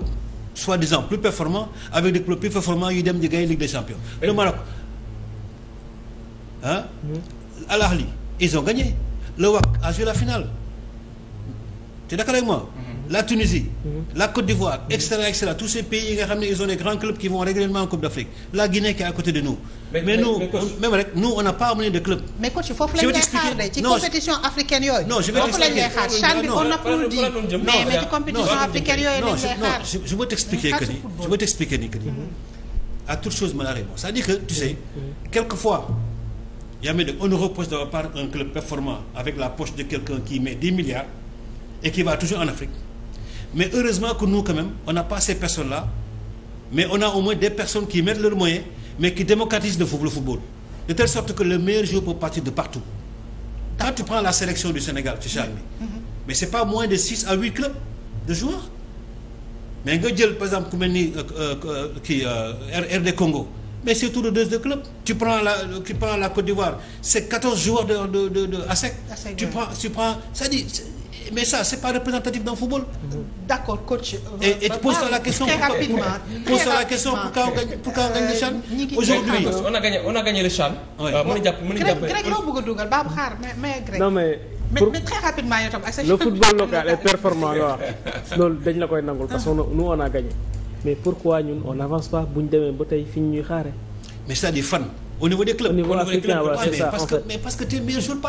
soi-disant plus performant avec des clubs plus performants yu dem di gagner Ligue des Champions le Maroc ah Al Ahly ils ont gagné le WAC a joué la finale t'es d'accord mhm. la Tunisie mhm. la Côte d'Ivoire etc etc tous ces pays yi nga xam ne ils ont des grands clubs qui vont régulièrement mais mais nous même rek nous on n'a pas amené de club. mais coach foofu lañ lay xaar ci compétition africaine yooyu. non je vais foofu lañ non je veux t'expliquer que je veux t'expliquer ni que ni à toute chose ma la réponse c'est-à-dire que tu sais quelquefois y a même on nous reproche d'avoir part un club performant avec la poche de quelqu'un qui met 10 milliards et qui va toujours en Afrique mais heureusement que nous quand même on n'a pas ces personnes-là mais on mais qui démocratise le football. De telle sorte que le meilleur joueur peut partir de partout. Quand tu prends la sélection du Sénégal, tu charmes. Mhm. Mais c'est pas moins de 6 à 8 clubs de joueurs. Mais nga jël par exemple ku mel ni kii euh, euh, euh, RD Congo mais c'est tout de deux de clubs tu prends la tu prends la Côte d'Ivoire c'est 14 joueurs de de de, e e tu prends tu prends cest à mais ça c'est pas représentatif d'un football. d'accord coach. Euh, et et pose la question. très rapidement pose-toi le CHAN. aujourd'hui on a a gagné le CHAN. na jàpp na jàpp Greg loo bëgg a dugal Babou xaar mais Greg. non mais pour mais très tam loolu dañ la koy nangul parce que ah. nous on a gagné. mais pourquoi ñun on avance pas bu ñu demee ba tey fi ñu ñuy xaaree. mais c'est-à-dire au niveau des clubs au niveau africain waaw c'est ça parce que mais parce que tes meilleurs joueurs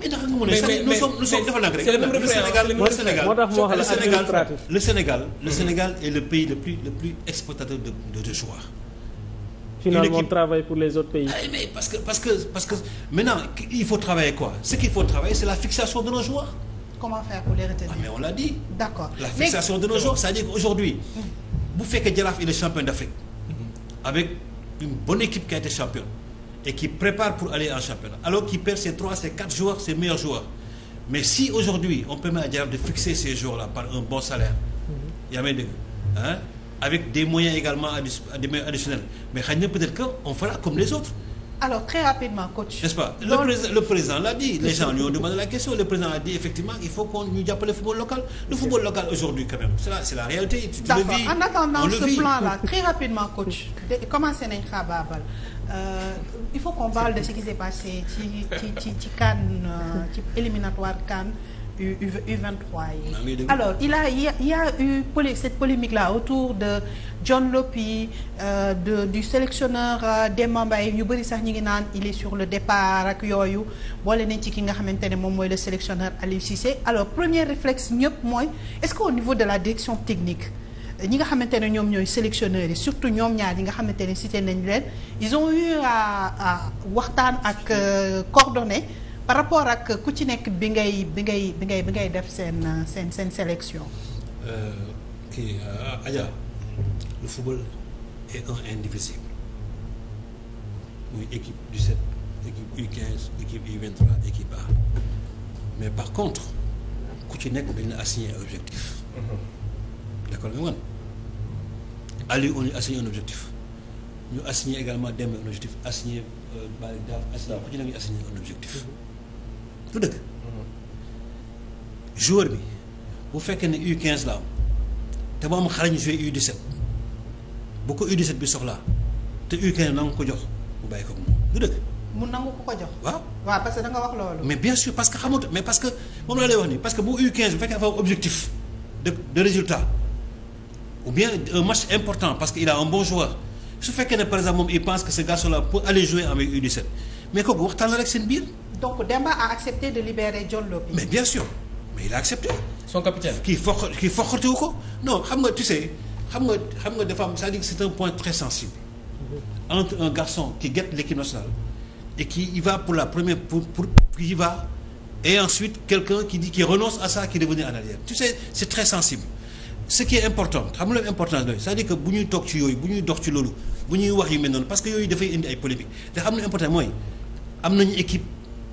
mais tax nga mën a. mais mais mais dafa le Sénégal le Sénégal mm-hmm. le Sénégal est le pays le plus le de de joueurs. finalement on pour les autres pays. Ah, parce que parce que parce que maintenant il faut travailler quoi ce qu'il faut travailler c'est la fixation de nos joueurs. comment faire pour les retenir. Ah, d'accord la fixation de nos joueurs c'est-à-dire qu'aujourd'hui mm-hmm. bu fekkee Jaraaf est le champion d'Afrique. Mm-hmm. avec une bonne équipe qui a été championne. et qui prépare pour aller en championnat alors qu'il perd ses trois ses quatre joueurs ses meilleurs joueurs mais si aujourd'hui on permet à Jaraaf de fixer ces joueurs-là par un bon salaire mhm. yaa may dégg avec des moyens également additionnels mais xëy na peut-être que on fera comme les autres alors très rapidement coach. n'est-ce pas le président le président l'a dit les gens lui ont demandé la question le président a dit effectivement il faut qu'on ñu jàppale football local le football local aujourd'hui quand c'est la réalité. tu le vis en attendant ce plan là très rapidement coach. commencé nañ xaabaabal euh, il faut qu'on parle de ce qui s'est passé ci ci ci éliminatoire CAN. U u yi alors il a il y a, il y a eu poly cette polémique là autour de John Lopi euh, du sélectionneur euh, Demba Mbaye ñu bari sax ñi ngi naan il est sur le départ ak yooyu boole nañ ci ki nga xamante ne moom mooy le sélectionneur Aliou Cissé alors premier réflexe ñëpp mooy est-ce qu'au niveau de la direction technique ñi nga xamante ne ñoom ñooy sélectionneurs yi surtout ñoom ñaar yi nga xamante ne cité nañ leen ils ont eu waxtaan ak euh, coordonner par rapport ak ku ci nekk bi ngay bi ngay bi ngay bi ngay def seen seen seen sélection euh, kii euh, Adja le football est un indivisible muy équipe du 7 équipe U15 équipe U23 équipe A mais par contre ku ci nekk dañ la assigner un objectif mm-hmm. d'accord nga man Aliou on lui assigné un objectif ñu assigner également Demba un objectif assigner euh, Malick Daf assigner ku ci nekk objectif mm-hmm. du dëgg joueur bi bu fekkee ne U15 la am te mu am xarañ joué U17 bu ko U17 bi soxlaa te U15 na ko jox mu bàyyi ko moom du dëgg. mu nangu ko ko jox. waaw waaw parce que da wax loolu. mais bien sûr parce que xamut mais parce que moom la lay wax nii parce que bu U15 bu fekkee dafa objectif de de résultat ou bien un match important parce que il a un bon joueur su fekkee ne par exemple moom il pense que ce garçon là aller jouer donc Demba a accepté de libérer John Lopy. mais bien sûr mais il a accepté. son capitaine kii foq kii foqatiwu ko non xam nga tu sais xam nga xam nga dafa am c'est-à-dire que c'est un point très sensible. entre un garçon qui guette l'équipe nationale et qui y va pour la première pour pour qui y va et ensuite quelqu'un qui dit qui renonce à ça qui est devenu en arrière tu sais c'est très sensible ce qui est important xam nga importance doy c'est-à-dire que bu ñuy toog ci yooyu bu ñuy dox ci loolu bu ñuy wax yu mel noonu parce que yooyu dafay indi ay polémique te xam nga important mooy am nañu équipe.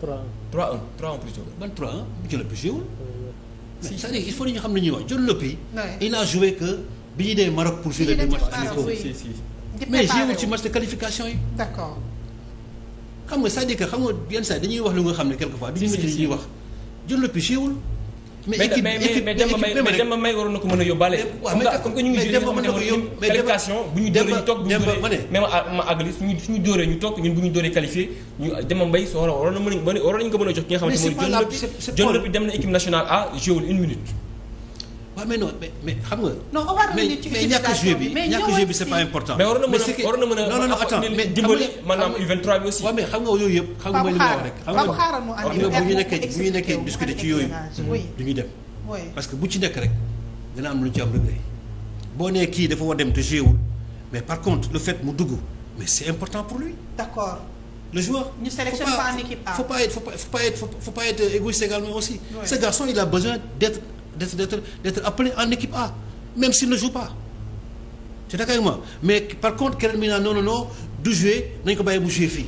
3-1 3-1 3-1 Bruce Diop. ban 3-1 si c'est-à-dire il faut que ñu xam ne ñuy wax Diop Lopy. il a joué que bi ñu dee Maroc pour. bi ñu match si mais joué wul ci qualification yi. d'accord. xam nga cest xam nga yenn dañuy wax lu nga xam ne quelque fois. du ñu mën ñuy wax Diop Lopy wul. mais équipe mais mais Demba May mais Demba May waroon na ko mën a yóbbaale. waaw mais comme que ñu ngi jëlee mën na ko yóbbu mais Demba bu ñu dóoree ñu toog bu ñu dóoree même ma àggali suñu suñu dóoree ñu toog ñun bu ñu dóoree qualifié ñu Demba Mbaye soo waroon na mën a waroon nañu ko mën a jox ki nga xamante ne mooy John Lopy John Lopy dem na équipe nationale A joué wul une minute waaw mais non mais xam nga. non on va revenir ci utilisation bi mais ñàkk joué bi ñàkk joué bi c'est pas important. mais war mais xam nga yooyu yëpp. xam nga li ma wax rek xam nga bu ñu nekkee bu ñu nekkee discuter ci yooyu. du ñu dem. parce que bu ci nekk rek dina am lu ci am regret boo nee kii dafa war dem te joué wul mais par contre le fait mu dugg mais c'est important pour lui. d'accord. le joueur. ñu sélectionne pas en équipe A. faut pas faut pas faut pas être également aussi. ce garçon il a besoin d'être d'être d'être appelé en équipe A même s'il ne joue pas c'est d'accord avec mais par contre keneen mi na non non non du jouer nañ ko bàyyi mu jouer fii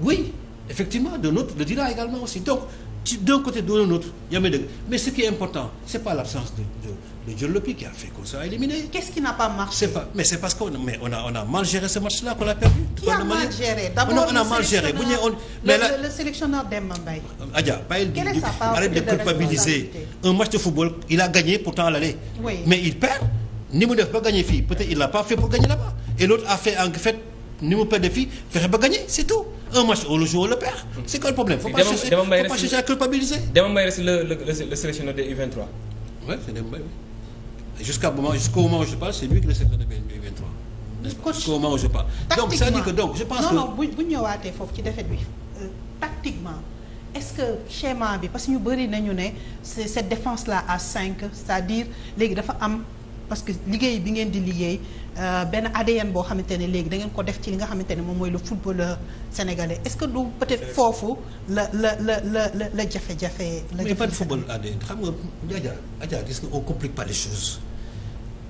oui effectivement de l'autre le dira également aussi donc ci d'un côté de l'autre y may dëgg mais ce qui est important c'est pas l'absence de de de Dion Lopy qui a fait qu'on soit éliminé. Qu'est-ce qui C'est pas mais c'est parce qu'on a mal géré ce match-là qu'on a perdu. Qui a mal géré? D'abord, on a mal géré. bu ñu on mais là de culpabiliser. Un match de football, il a gagné pourtant l'aller. Mais il perd. Ni mu def ba gagner fii, peut-être il l'a pas fait pour gagner là-bas. Et l'autre a fait en fait ni mu perdre fii fexe ba gagner c'est tout un match on le joue on le perd. c'est quoi problème faut pas jusqu'à moment jusqu'au moment où je parle c'est lui qui est le secrétaire de 2023 n'est-ce pas jusqu'au moment où je parle donc ça dit que donc je pense non, que non bu bu ñëwaatee foofu ci défaite bi euh, tactiquement est-ce que schéma bi parce que ñu bëri nañu ne c'est cette défense là à cinq c'est-à-dire léegi dafa am parce que liggéey bi ngeen di liggéey euh, benn ADN boo xamante ne léegi dangeen ko def ci li nga xamante ne moom mooy le footballeur sénégalais est-ce que du peut-être foofu la la la la la la jafe-jafe. la jafe-jafe mais pas de xam nga Ndiadia Adja gis nga on complique pas les choses.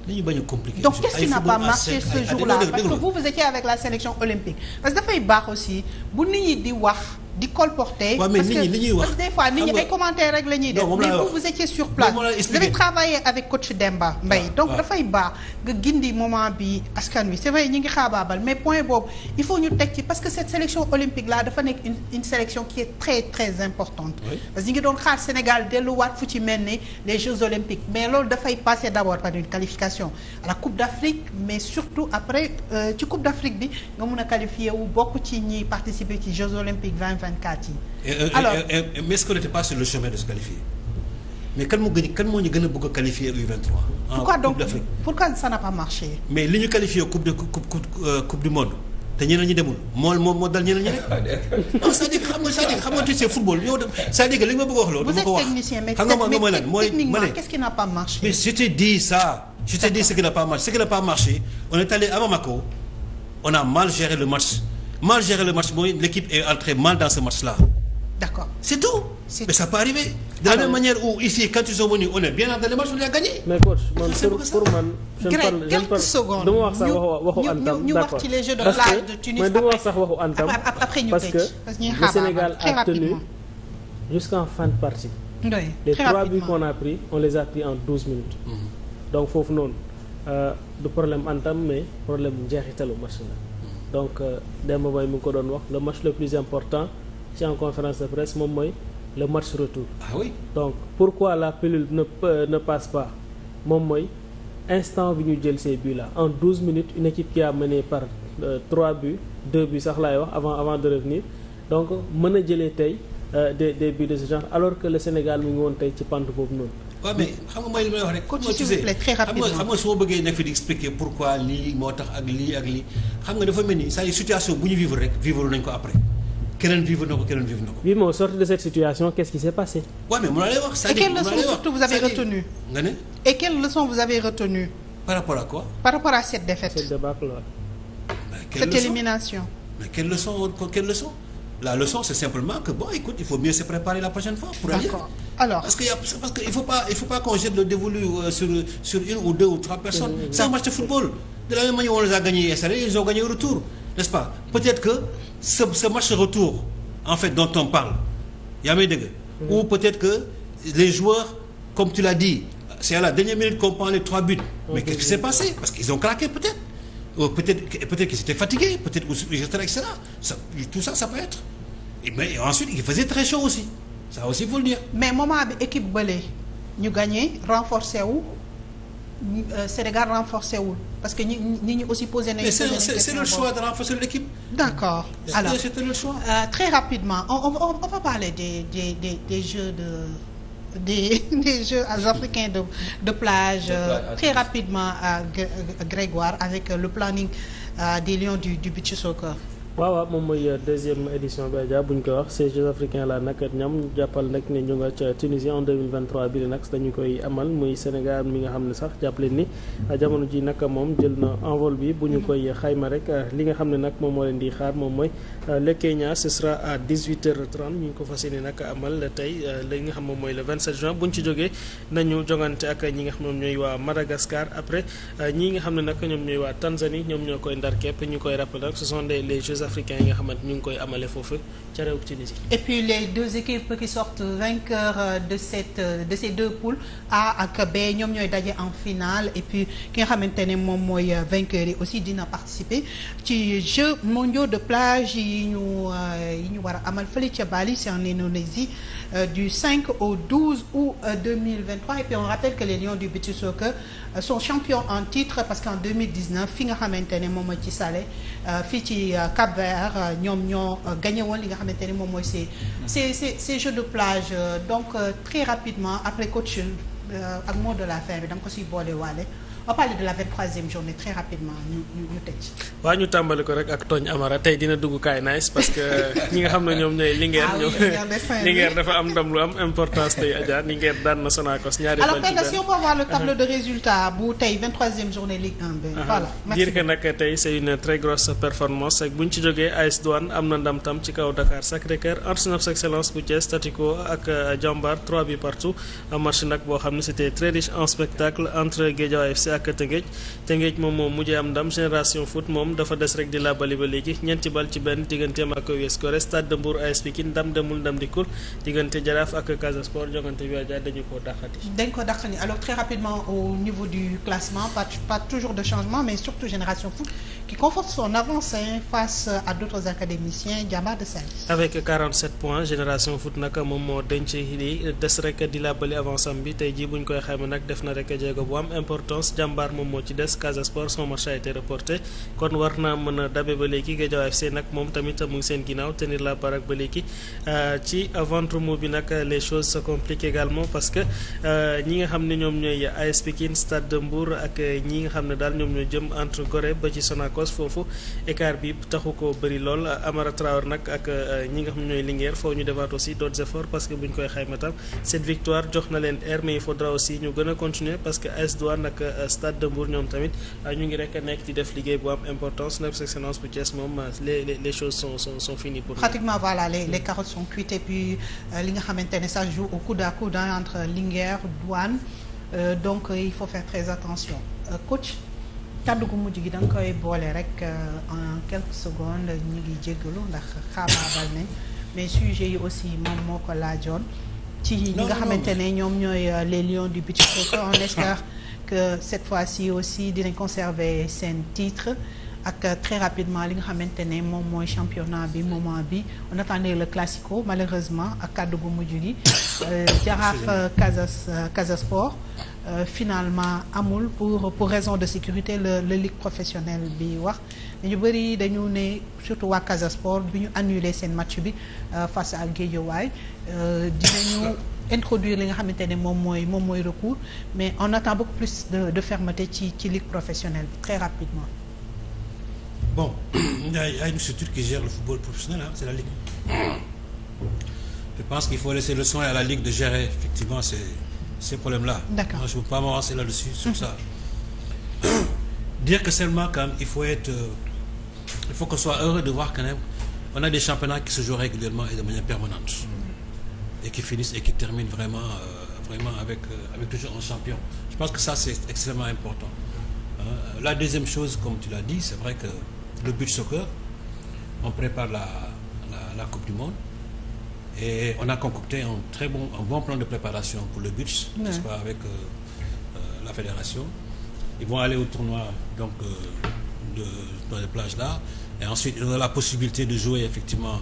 dañu bañ a n'a pas marché ce parce que vous vous avec la sélection olympique parce que dafay baax aussi bu nit ñi di wax. di colporter. parce que parce que des fois nit ñi ay commentaires rek la ñuy def. mais vous vous sur place. vous avez avec coach Demba Mbaye donc dafay baax nga gindi moment bi askan wi c'est vrai ñi ngi xaabaabal mais point boobu il faut ñu teg ci parce que cette sélection olympique là dafa nekk une une sélection qui est très très importante. parce que ñi ngi doon xaar Sénégal delluwaat fu ci mel ni les Jeux olympiques mais loolu dafay passer d'abord par une qualification à la Coupe d'Afrique mais surtout après euh, bi nga mun a qualifier wu bokk ci ñi participer ci Jeux vingt-quatre yi euh, alors mais est-ce le chemin de se qualifier mais kan moo gën a bëgg a qualifier U23 pourquoi donc pourquoi ça n'a mais li ñu qualifié coupe de coupe euh, coupe du monde te ñeneen ñi demul moo moo dal ñeneen ñi rek non cest xam nga cest à xam nga tu sais football li nga ma bëgg a wax loolu. du ma ko wax xam nga mooy lan mooy ma ne qu'est-ce qui n'a pas marché. mais je te dis ça. pas marché ce qui pas marché on est allé on a mal géré le match. mal gérer le match mooy l'équipe est entrée mal dans ce match-là. D'accord. C'est tout. C'est mais ça De la même manière où ici quand ils sont venus on est match on gagné. mais coach pour man. je ne parle je ne parle dama wax sax antam. d'accord parce que mais dama wax sax waxu antam. parce que le Sénégal a tenu jusqu'en fin de partie. les trois en minutes. Mhm. donc foofu noonu euh, du problème antam mais problème njeexitalu match la. donc euh, Demba Baye mu ngi ko doon wax le match le plus important ci en conférence de presse moom mooy le match retour. ah oui donc pourquoi la pilule ne euh, ne passe pas moom mooy instant bi ñu jël ces buts là en douze minutes une équipe qui a mené par euh, trois 3 buts 2 sax laay wax avant avant de revenir donc mën a jëlee tey des des buts de ce genre alors que le Sénégal mu ngi woon tey ci pente boobu noonu. waaw mais xam nga mooy li may wax rek. coach s'il vous plaît très rapidement xam nga xam nga su ma bëggee nekk fi di expliquer pourquoi lii moo tax ak lii ak lii xam nga dafa mel ni saa yu situation bu ñu vivre rek vivre nañ ko après. keneen vivre na ko keneen vivre na ko. oui mais au sortir de cette situation qu'est-ce qui s'est passé. waaw mais mu la lay wax. c'est-à-dire et quelle leçon surtout vous avez retenu par rapport à quoi. par rapport à cette défaite. cette débâcle là. cette élimination. mais quelle leçon quelle leçon. La leçon, c'est simplement que, bon, écoute, il faut mieux se préparer la prochaine fois pour aller. Parce qu'il faut pas, qu'on jette le dévolu euh, sur, sur une ou deux ou trois personnes. Oui, oui, de football. De la même manière, on les a gagnés ils ont gagné au retour. N'est-ce pas Peut-être que ce, ce match de retour, en fait, dont on parle, Yamedegue, mm-hmm. ou peut-être que les joueurs, comme tu l'as dit, c'est à la dernière minute qu'on prend les trois buts. mais ensuite il faisait très chaud aussi ça aussi faut le dire. mais moment bi équipe bële ñu gagné renforcé wu euh, Sénégal renforcé wul parce que ñi ñi aussi posé nañu. posé nañu c'est le choix l'équipe. d'accord euh, très rapidement on on parler des des des des jeux de. des des jeux africains de de plage euh, très rapidement à Grégoire avec le planning euh, des Lions du du beach soccer waawa moom mooy euh, deuxième édition bi Adja bu ñu ko wax ces Jeux africains la nag ñoom jàppal nag ne ñu nga bi nag dañu koy amal muy Sénégal mi nga xam ne sax jàppale ni jamono ji nag moom jël na envol bi bu ñu koy xayma rek euh, li nga xam ne nag moom moo leen di xaar moom mooy euh, le Kenya ce ñu ngi ko fas yéene nag amal tey li nga xam bu ñu ci jógee nañu jongante ak ñi nga xam ñoom ñooy waa Madagascar après ñi nga xam ne nag ñoom ñooy waa Tanzanie ñoom ñoo koy ndar ñu koy rappelé rek ce les Jeux africains yi nga xamante ñu ngi koy amale foofu ca réew Tunisie. et puis les deux équipes qui sortent vainqueurs euh, de cette euh, de ces deux poules A ak B ñoom ñooy daje en finale et puis ki nga xamante ne moom mooy euh, vainqueur yi aussi dina participer ci jeux mondiaux de plage yi ñu yi ñu war a amal fële ca Bali c'est en Indonésie. Euh, du 5 au 12 août 2023 euh, et puis on rappelle que les Lions du Bétis Soccer euh, sont champions en titre parce qu'en 2019 fi nga xamante ne moom mooy ci Salé fii ci Cap-Vert ñoom ñoo gagné woon li nga xamante ne moom mooy ces ces ces jeux de plage donc très rapidement après coach ak mot de la fin bi dama ko siy boole waale waa va parler ñu tàmbali ko rek ak tooñ Amara tey dina duggukaay kaay nice parce que ñi nga xam ne ñoom ñooy. Linguère ah ñoom Linguère dafa am ndam lu am importance tey Adja Linguère daan na ñaari. alors Penda si on bu tey 23e journée Ligue 1 uh-huh. voilà tey c' est une très grosse performance ak bu ñu ci jógee AS Douane am na ndam tam ci kaw Dakar Sacré-Cœur Arsenal excellence bu Thiès Statico ak uh, Jambar 3 bi partout match nag boo xam ne c' très riche en spectacle entre Guédiawaye FC ak Tëngéej Tëngéej moom moom mujjee am ndam génération foot moom dafa des rek di laabali ba léegi ñeenti bal ci benn digganteem ak US Gorée Stade de Mbour AS Pikine ndam demul ndam diggante Jaraaf ak Casa Sport jongante bi waajal dañu koo dàqati. dañ ko dàqani alors très rapidement au niveau du classement pas toujours de changement mais surtout génération foot qui conforte son avance face à d'autres académiciens Diambars de Saly. avec jàmbaar moom moo ci des Casa Sport son match a été reporté kon war naa a dabe ba léegi Guédiawaye FC nag moom tamit mu ngi seen ginnaaw tenir la baraque ba léegi euh, ci ventre mou bi nag les choses se compliquent également parce que euh, ñi nga xam ne ñoom ñooy AS Pikine Stade de Mbour ak ñi nga xam ne daal ñoom ñoo jëm entre Gorée ba ci Sonacos foofu écart bi taxu ko bëri lool Amara Traoré nag ak euh, ñi nga xam ne ñooy Linguère foo ñu defaat aussi d'autres efforts parce a Stade de Mbour ñoom tamit euh, ñu ngi rek nekk di def liggéey bu am importance neuf excellence bu Thiès moom euh, les les choses sont sont pratiquement voilà les les carottes sont et puis euh, li nga xamante ne ça joue au coude à coude entre Linguère Douane euh, gi da nga koy boole rek en quelques secondes ñu ngi jéggalu ndax xaabaabal nañ mais sujet yi aussi moom moo ko laajoon. ci ñi nga xamante ne ñoom ñooy les lions du beach soccer on espère. que cette fois-ci aussi dinañ conserver seen titre ak euh, très rapidement li nga xamante ne moom mooy championnat bi moment bi on attendait le classico malheureusement ak kàddu gu mujj gi euh, Jaraaf Casas euh, Casa Sport finalement amul pour pour raison de sécurité le le ligue professionnelle bi wax dañu bëri dañu ne surtout waa Casa Sport bi ñu annulé seen match bi face à Guédiawaye dinañu introduire li nga xamante ne moom mooy moom mooy recours mais on attend beaucoup plus de de fermeté ci ci ligue professionnelle bi très rapidement. bon y a, y a une structure qui le football la ligue. je pense qu'il faut laisser le soin à la ligue de gérer effectivement ces ces problèmes là. je ne peux pas m'avancer là-dessus sur mm dire que seulement quand il faut être euh, il faut qu'on soit heureux de voir quand même on a des championnats qui se jouent régulièrement et de manière permanente. et qui finissent et qui terminent vraiment euh, vraiment avec euh, avec toujours un champion je pense que ça c'est extrêmement important hein. la deuxième chose comme tu l'as dit c'est vrai que le beach soccer on prépare la, la la coupe du monde et on a concocté un très bon un bon plan de préparation pour le beach ouais. n'est-ce pas avec euh, euh, la fédération ils vont aller au tournoi donc euh, de dans les plages là et ensuite ils auront la possibilité de jouer effectivement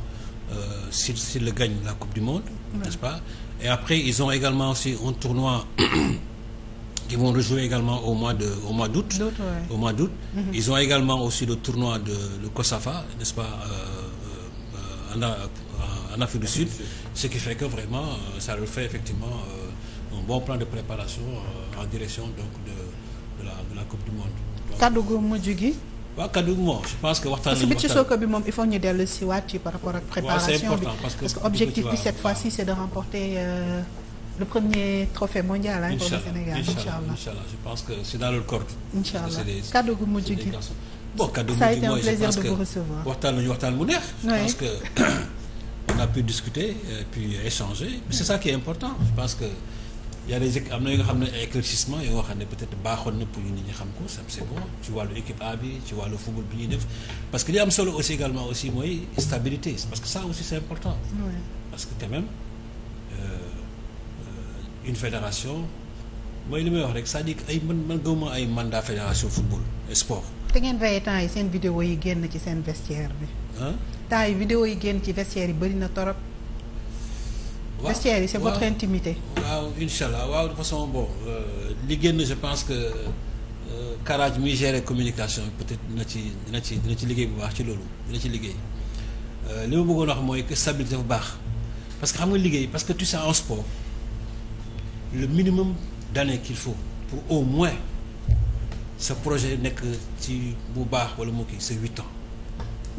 s'il euh, s'il le gagne la coupe du monde n'est-ce pas et après ils ont également aussi un tournoi qui vont rejouer également au mois de au mois d'août ouais. au mois d'août mm -hmm. ils ont également aussi le tournoi de le n'est-ce pas euh, euh, en, Afrique du Sud ce qui fait que vraiment ça leur fait effectivement un bon plan de préparation en direction donc de de la de la Coupe du Monde. waaw kaddu moom je pense que waxtaan parce que si waat ci par rapport ak. préparation bi parce que objectif bi cette fois-ci c'est de remporter euh, le premier trophée mondial. pour le Sénégal incha je pense que c'est dans le corps. incha allah kaddu gu mujj gi bon kaddu mujj gi mooy je pense que waxtaan nañu waxtaan bu neex. je pense que on a pu discuter puis échanger. c'est ça qui est important je pense que. y a des am na yoo nga xam ne ay éclaircissement yoo nga xam ne peut-être baaxoon na pour ñu xam ko ça c'est bon ci wàllu équipe A bi ci wàllu football bi ñuy def parce que li am solo aussi également aussi mooy stabilité parce que ça aussi c'est important. parce que quand même euh, une fédération mooy li may wax rek sa à dire ay man man gëmuma ay mandat fédération football et sport. te ngeen bàyyi temps yi seen vidéo yi génn ci seen vestiaire bi. ah temps yi yi génn ci vestiaire yi bari na torop. vestiaire yi c'est votre intimité. waaw incha allah waaw de façon bon euh, li génn je pense que euh, Karaaj muy gérer communication peut-être dina ci dina ci dina ci liggéey bu baax ci loolu dina ci liggéey euh, li ma bëggoon wax mooy que stabilité bu baax parce que xam nga liggéey parce que tu sais en sport le minimum d'années qu'il faut pour au moins sa projet nekk ci bu baax wala mu kii c'est huit ans.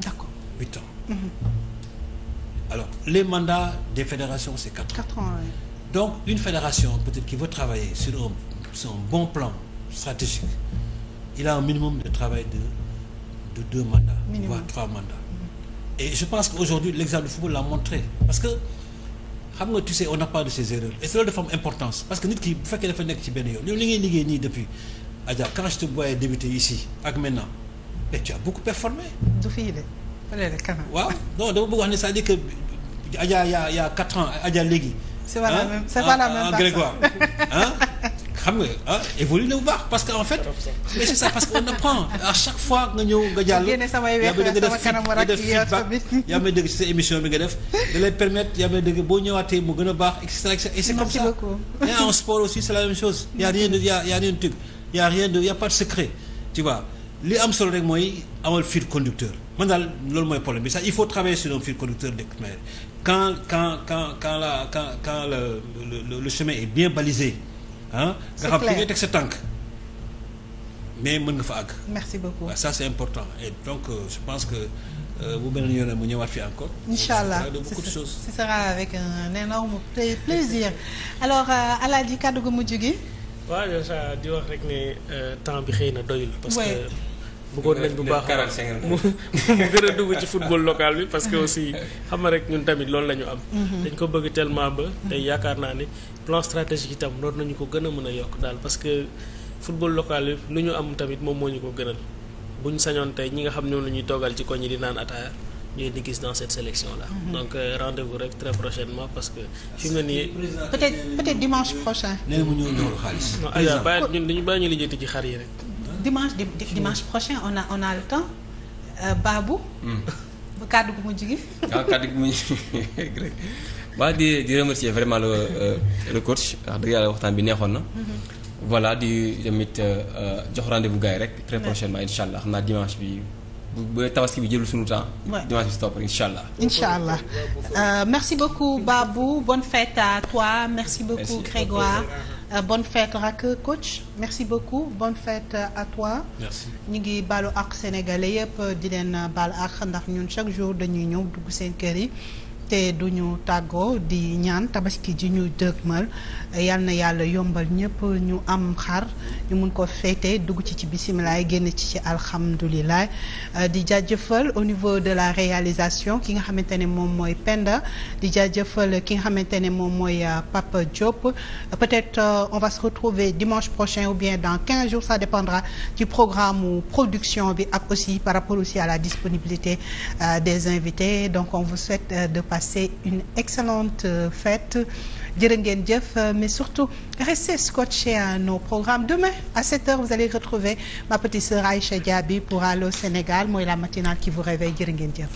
d'accord huit ans. Mm-hmm. alors les mandats des fédérations c'est quatre ans. Quatre donc une fédération peut-être qui veut travailler sur un bon plan stratégique il a un minimum de travail de de deux mandats minimum. voire trois mandats et je pense qu'aujourd'hui l'exemple du football l'a montré parce que xam nga tu sais n'a pas de ces erreurs que nit ki bu fekkee dafa nekk ci benn yoon yow li ngay liggéey nii depuis Adja quand je te voyais débuter ici ak maintenant mais tu as beaucoup performé. du fii de. waaw non dama bëgg wax ne c'est-à-dire que Adja y a y a quatre ans Adja léegi. c'est ah, ah, Grégoire ah xam nga ah évolue na bu baax parce que en fait. mais parce que on apprend à chaque fois nga ñëw nga jàll. yéen samay weex sama kanam war a def feedback yaa may dégg ci sa émission bi nga def. da lay permettre yaa may dégg boo ñëwaatee mu gën a baax et cetera et c'est comme ça et a rien de y y a rien de truc y a rien de y a secret tu vois. li am solo rek mooy amal fil conducteur man daal loolu mooy problème bi sax il faut travailler sur un fil conducteur de toute manière quand quand quand quand la quand quand le le, est bien balisé ah. nga xam fi teg sa tànk mais mën nga fa àgg. merci beaucoup waaw ça c'est important et donc euh, je pense que. Euh, bu beneen yoon mu ñëwaat fi encore. incha allah ce sera avec un énorme plaisir alors euh, Alaaji kàddu gu mujj gi. waaw di wax rek ne temps bi xëy na doyul. parce que. bëggoon nañ bu baax mu gën a dugg ci football local bi parce que aussi xam nga rek ñun tamit loolu la ñu am. Mhm. dañ ko bëgg tellement ba tey yaakaar naa ne plan stratégique itam loolu nañu ko gën a mën a yokk daal parce que football local bi lu ñu am tamit moom moo ñu ko gënal bu ñu sañoon tey ñi nga xam ñoom la ñuy toogal ci koñ yi di naan ataaya ñooy di gis dans cette sélection la mhm. donc euh, rendez-vous rek très prochainement parce que. fi mu ne nii peut-être peut-être dimanche prochain. nee mu ñëw ñëwul xaalis. non aywa bàyyi ñun dañu bàyyi ñu yi rek. dimanche di dimanche prochain on a temps euh, Babou. Hmm. ba kàddu gu mujj gi. waaw ah, kàddu gu di remercier vraiment le euh, le coach yàlla waxtaan bi neexoon na. Mm-hmm. voilà di tamit euh, jox rendez-vous gars rek. très prochainement incha allah xam naa dimanche bi. ba tabaski bi jëlul suñu temps. dimanche bi si topp incha allah. incha allah merci beaucoup Babou bonne fête toi merci beaucoup Grégoire. Euh, bon fête rak coach merci beaucoup bon fête euh, à toi. ñu ngi balo ak sénégalais yëpp di leen bal ak ndax ñun chaque jour dañuy ñëw dugg seen kër yi. te duñu tàggoo di ñaan tabaski ji ñu dëgmal yal na yàlla yombal ñëpp ñu am xar ñu mun ko feete dugg ci ci bisimilah génn ci ci alhamdulilah euh, di jaajëfal au niveau de la réalisation ki nga xamante ne moom mooy Penda di jaajëfal ki nga xamante ne moom mooy euh, Papa Diop euh, peut-être on va se retrouver dimanche prochain ou bien dans 15 jours ça dépendra ci programme production bi ak aussi par rapport aussi à la disponibilité des invités donc on vous souhaite de passé une excellente euh, fête jërë ngeen jëf euh, mais surtout restez scotchés à nos programmes demain à 7 heures vous allez retrouver ma petite sœur Aïcha Diaby pour Allô Sénégal mooy la matinale qui vous réveille jërë ngeen jëf.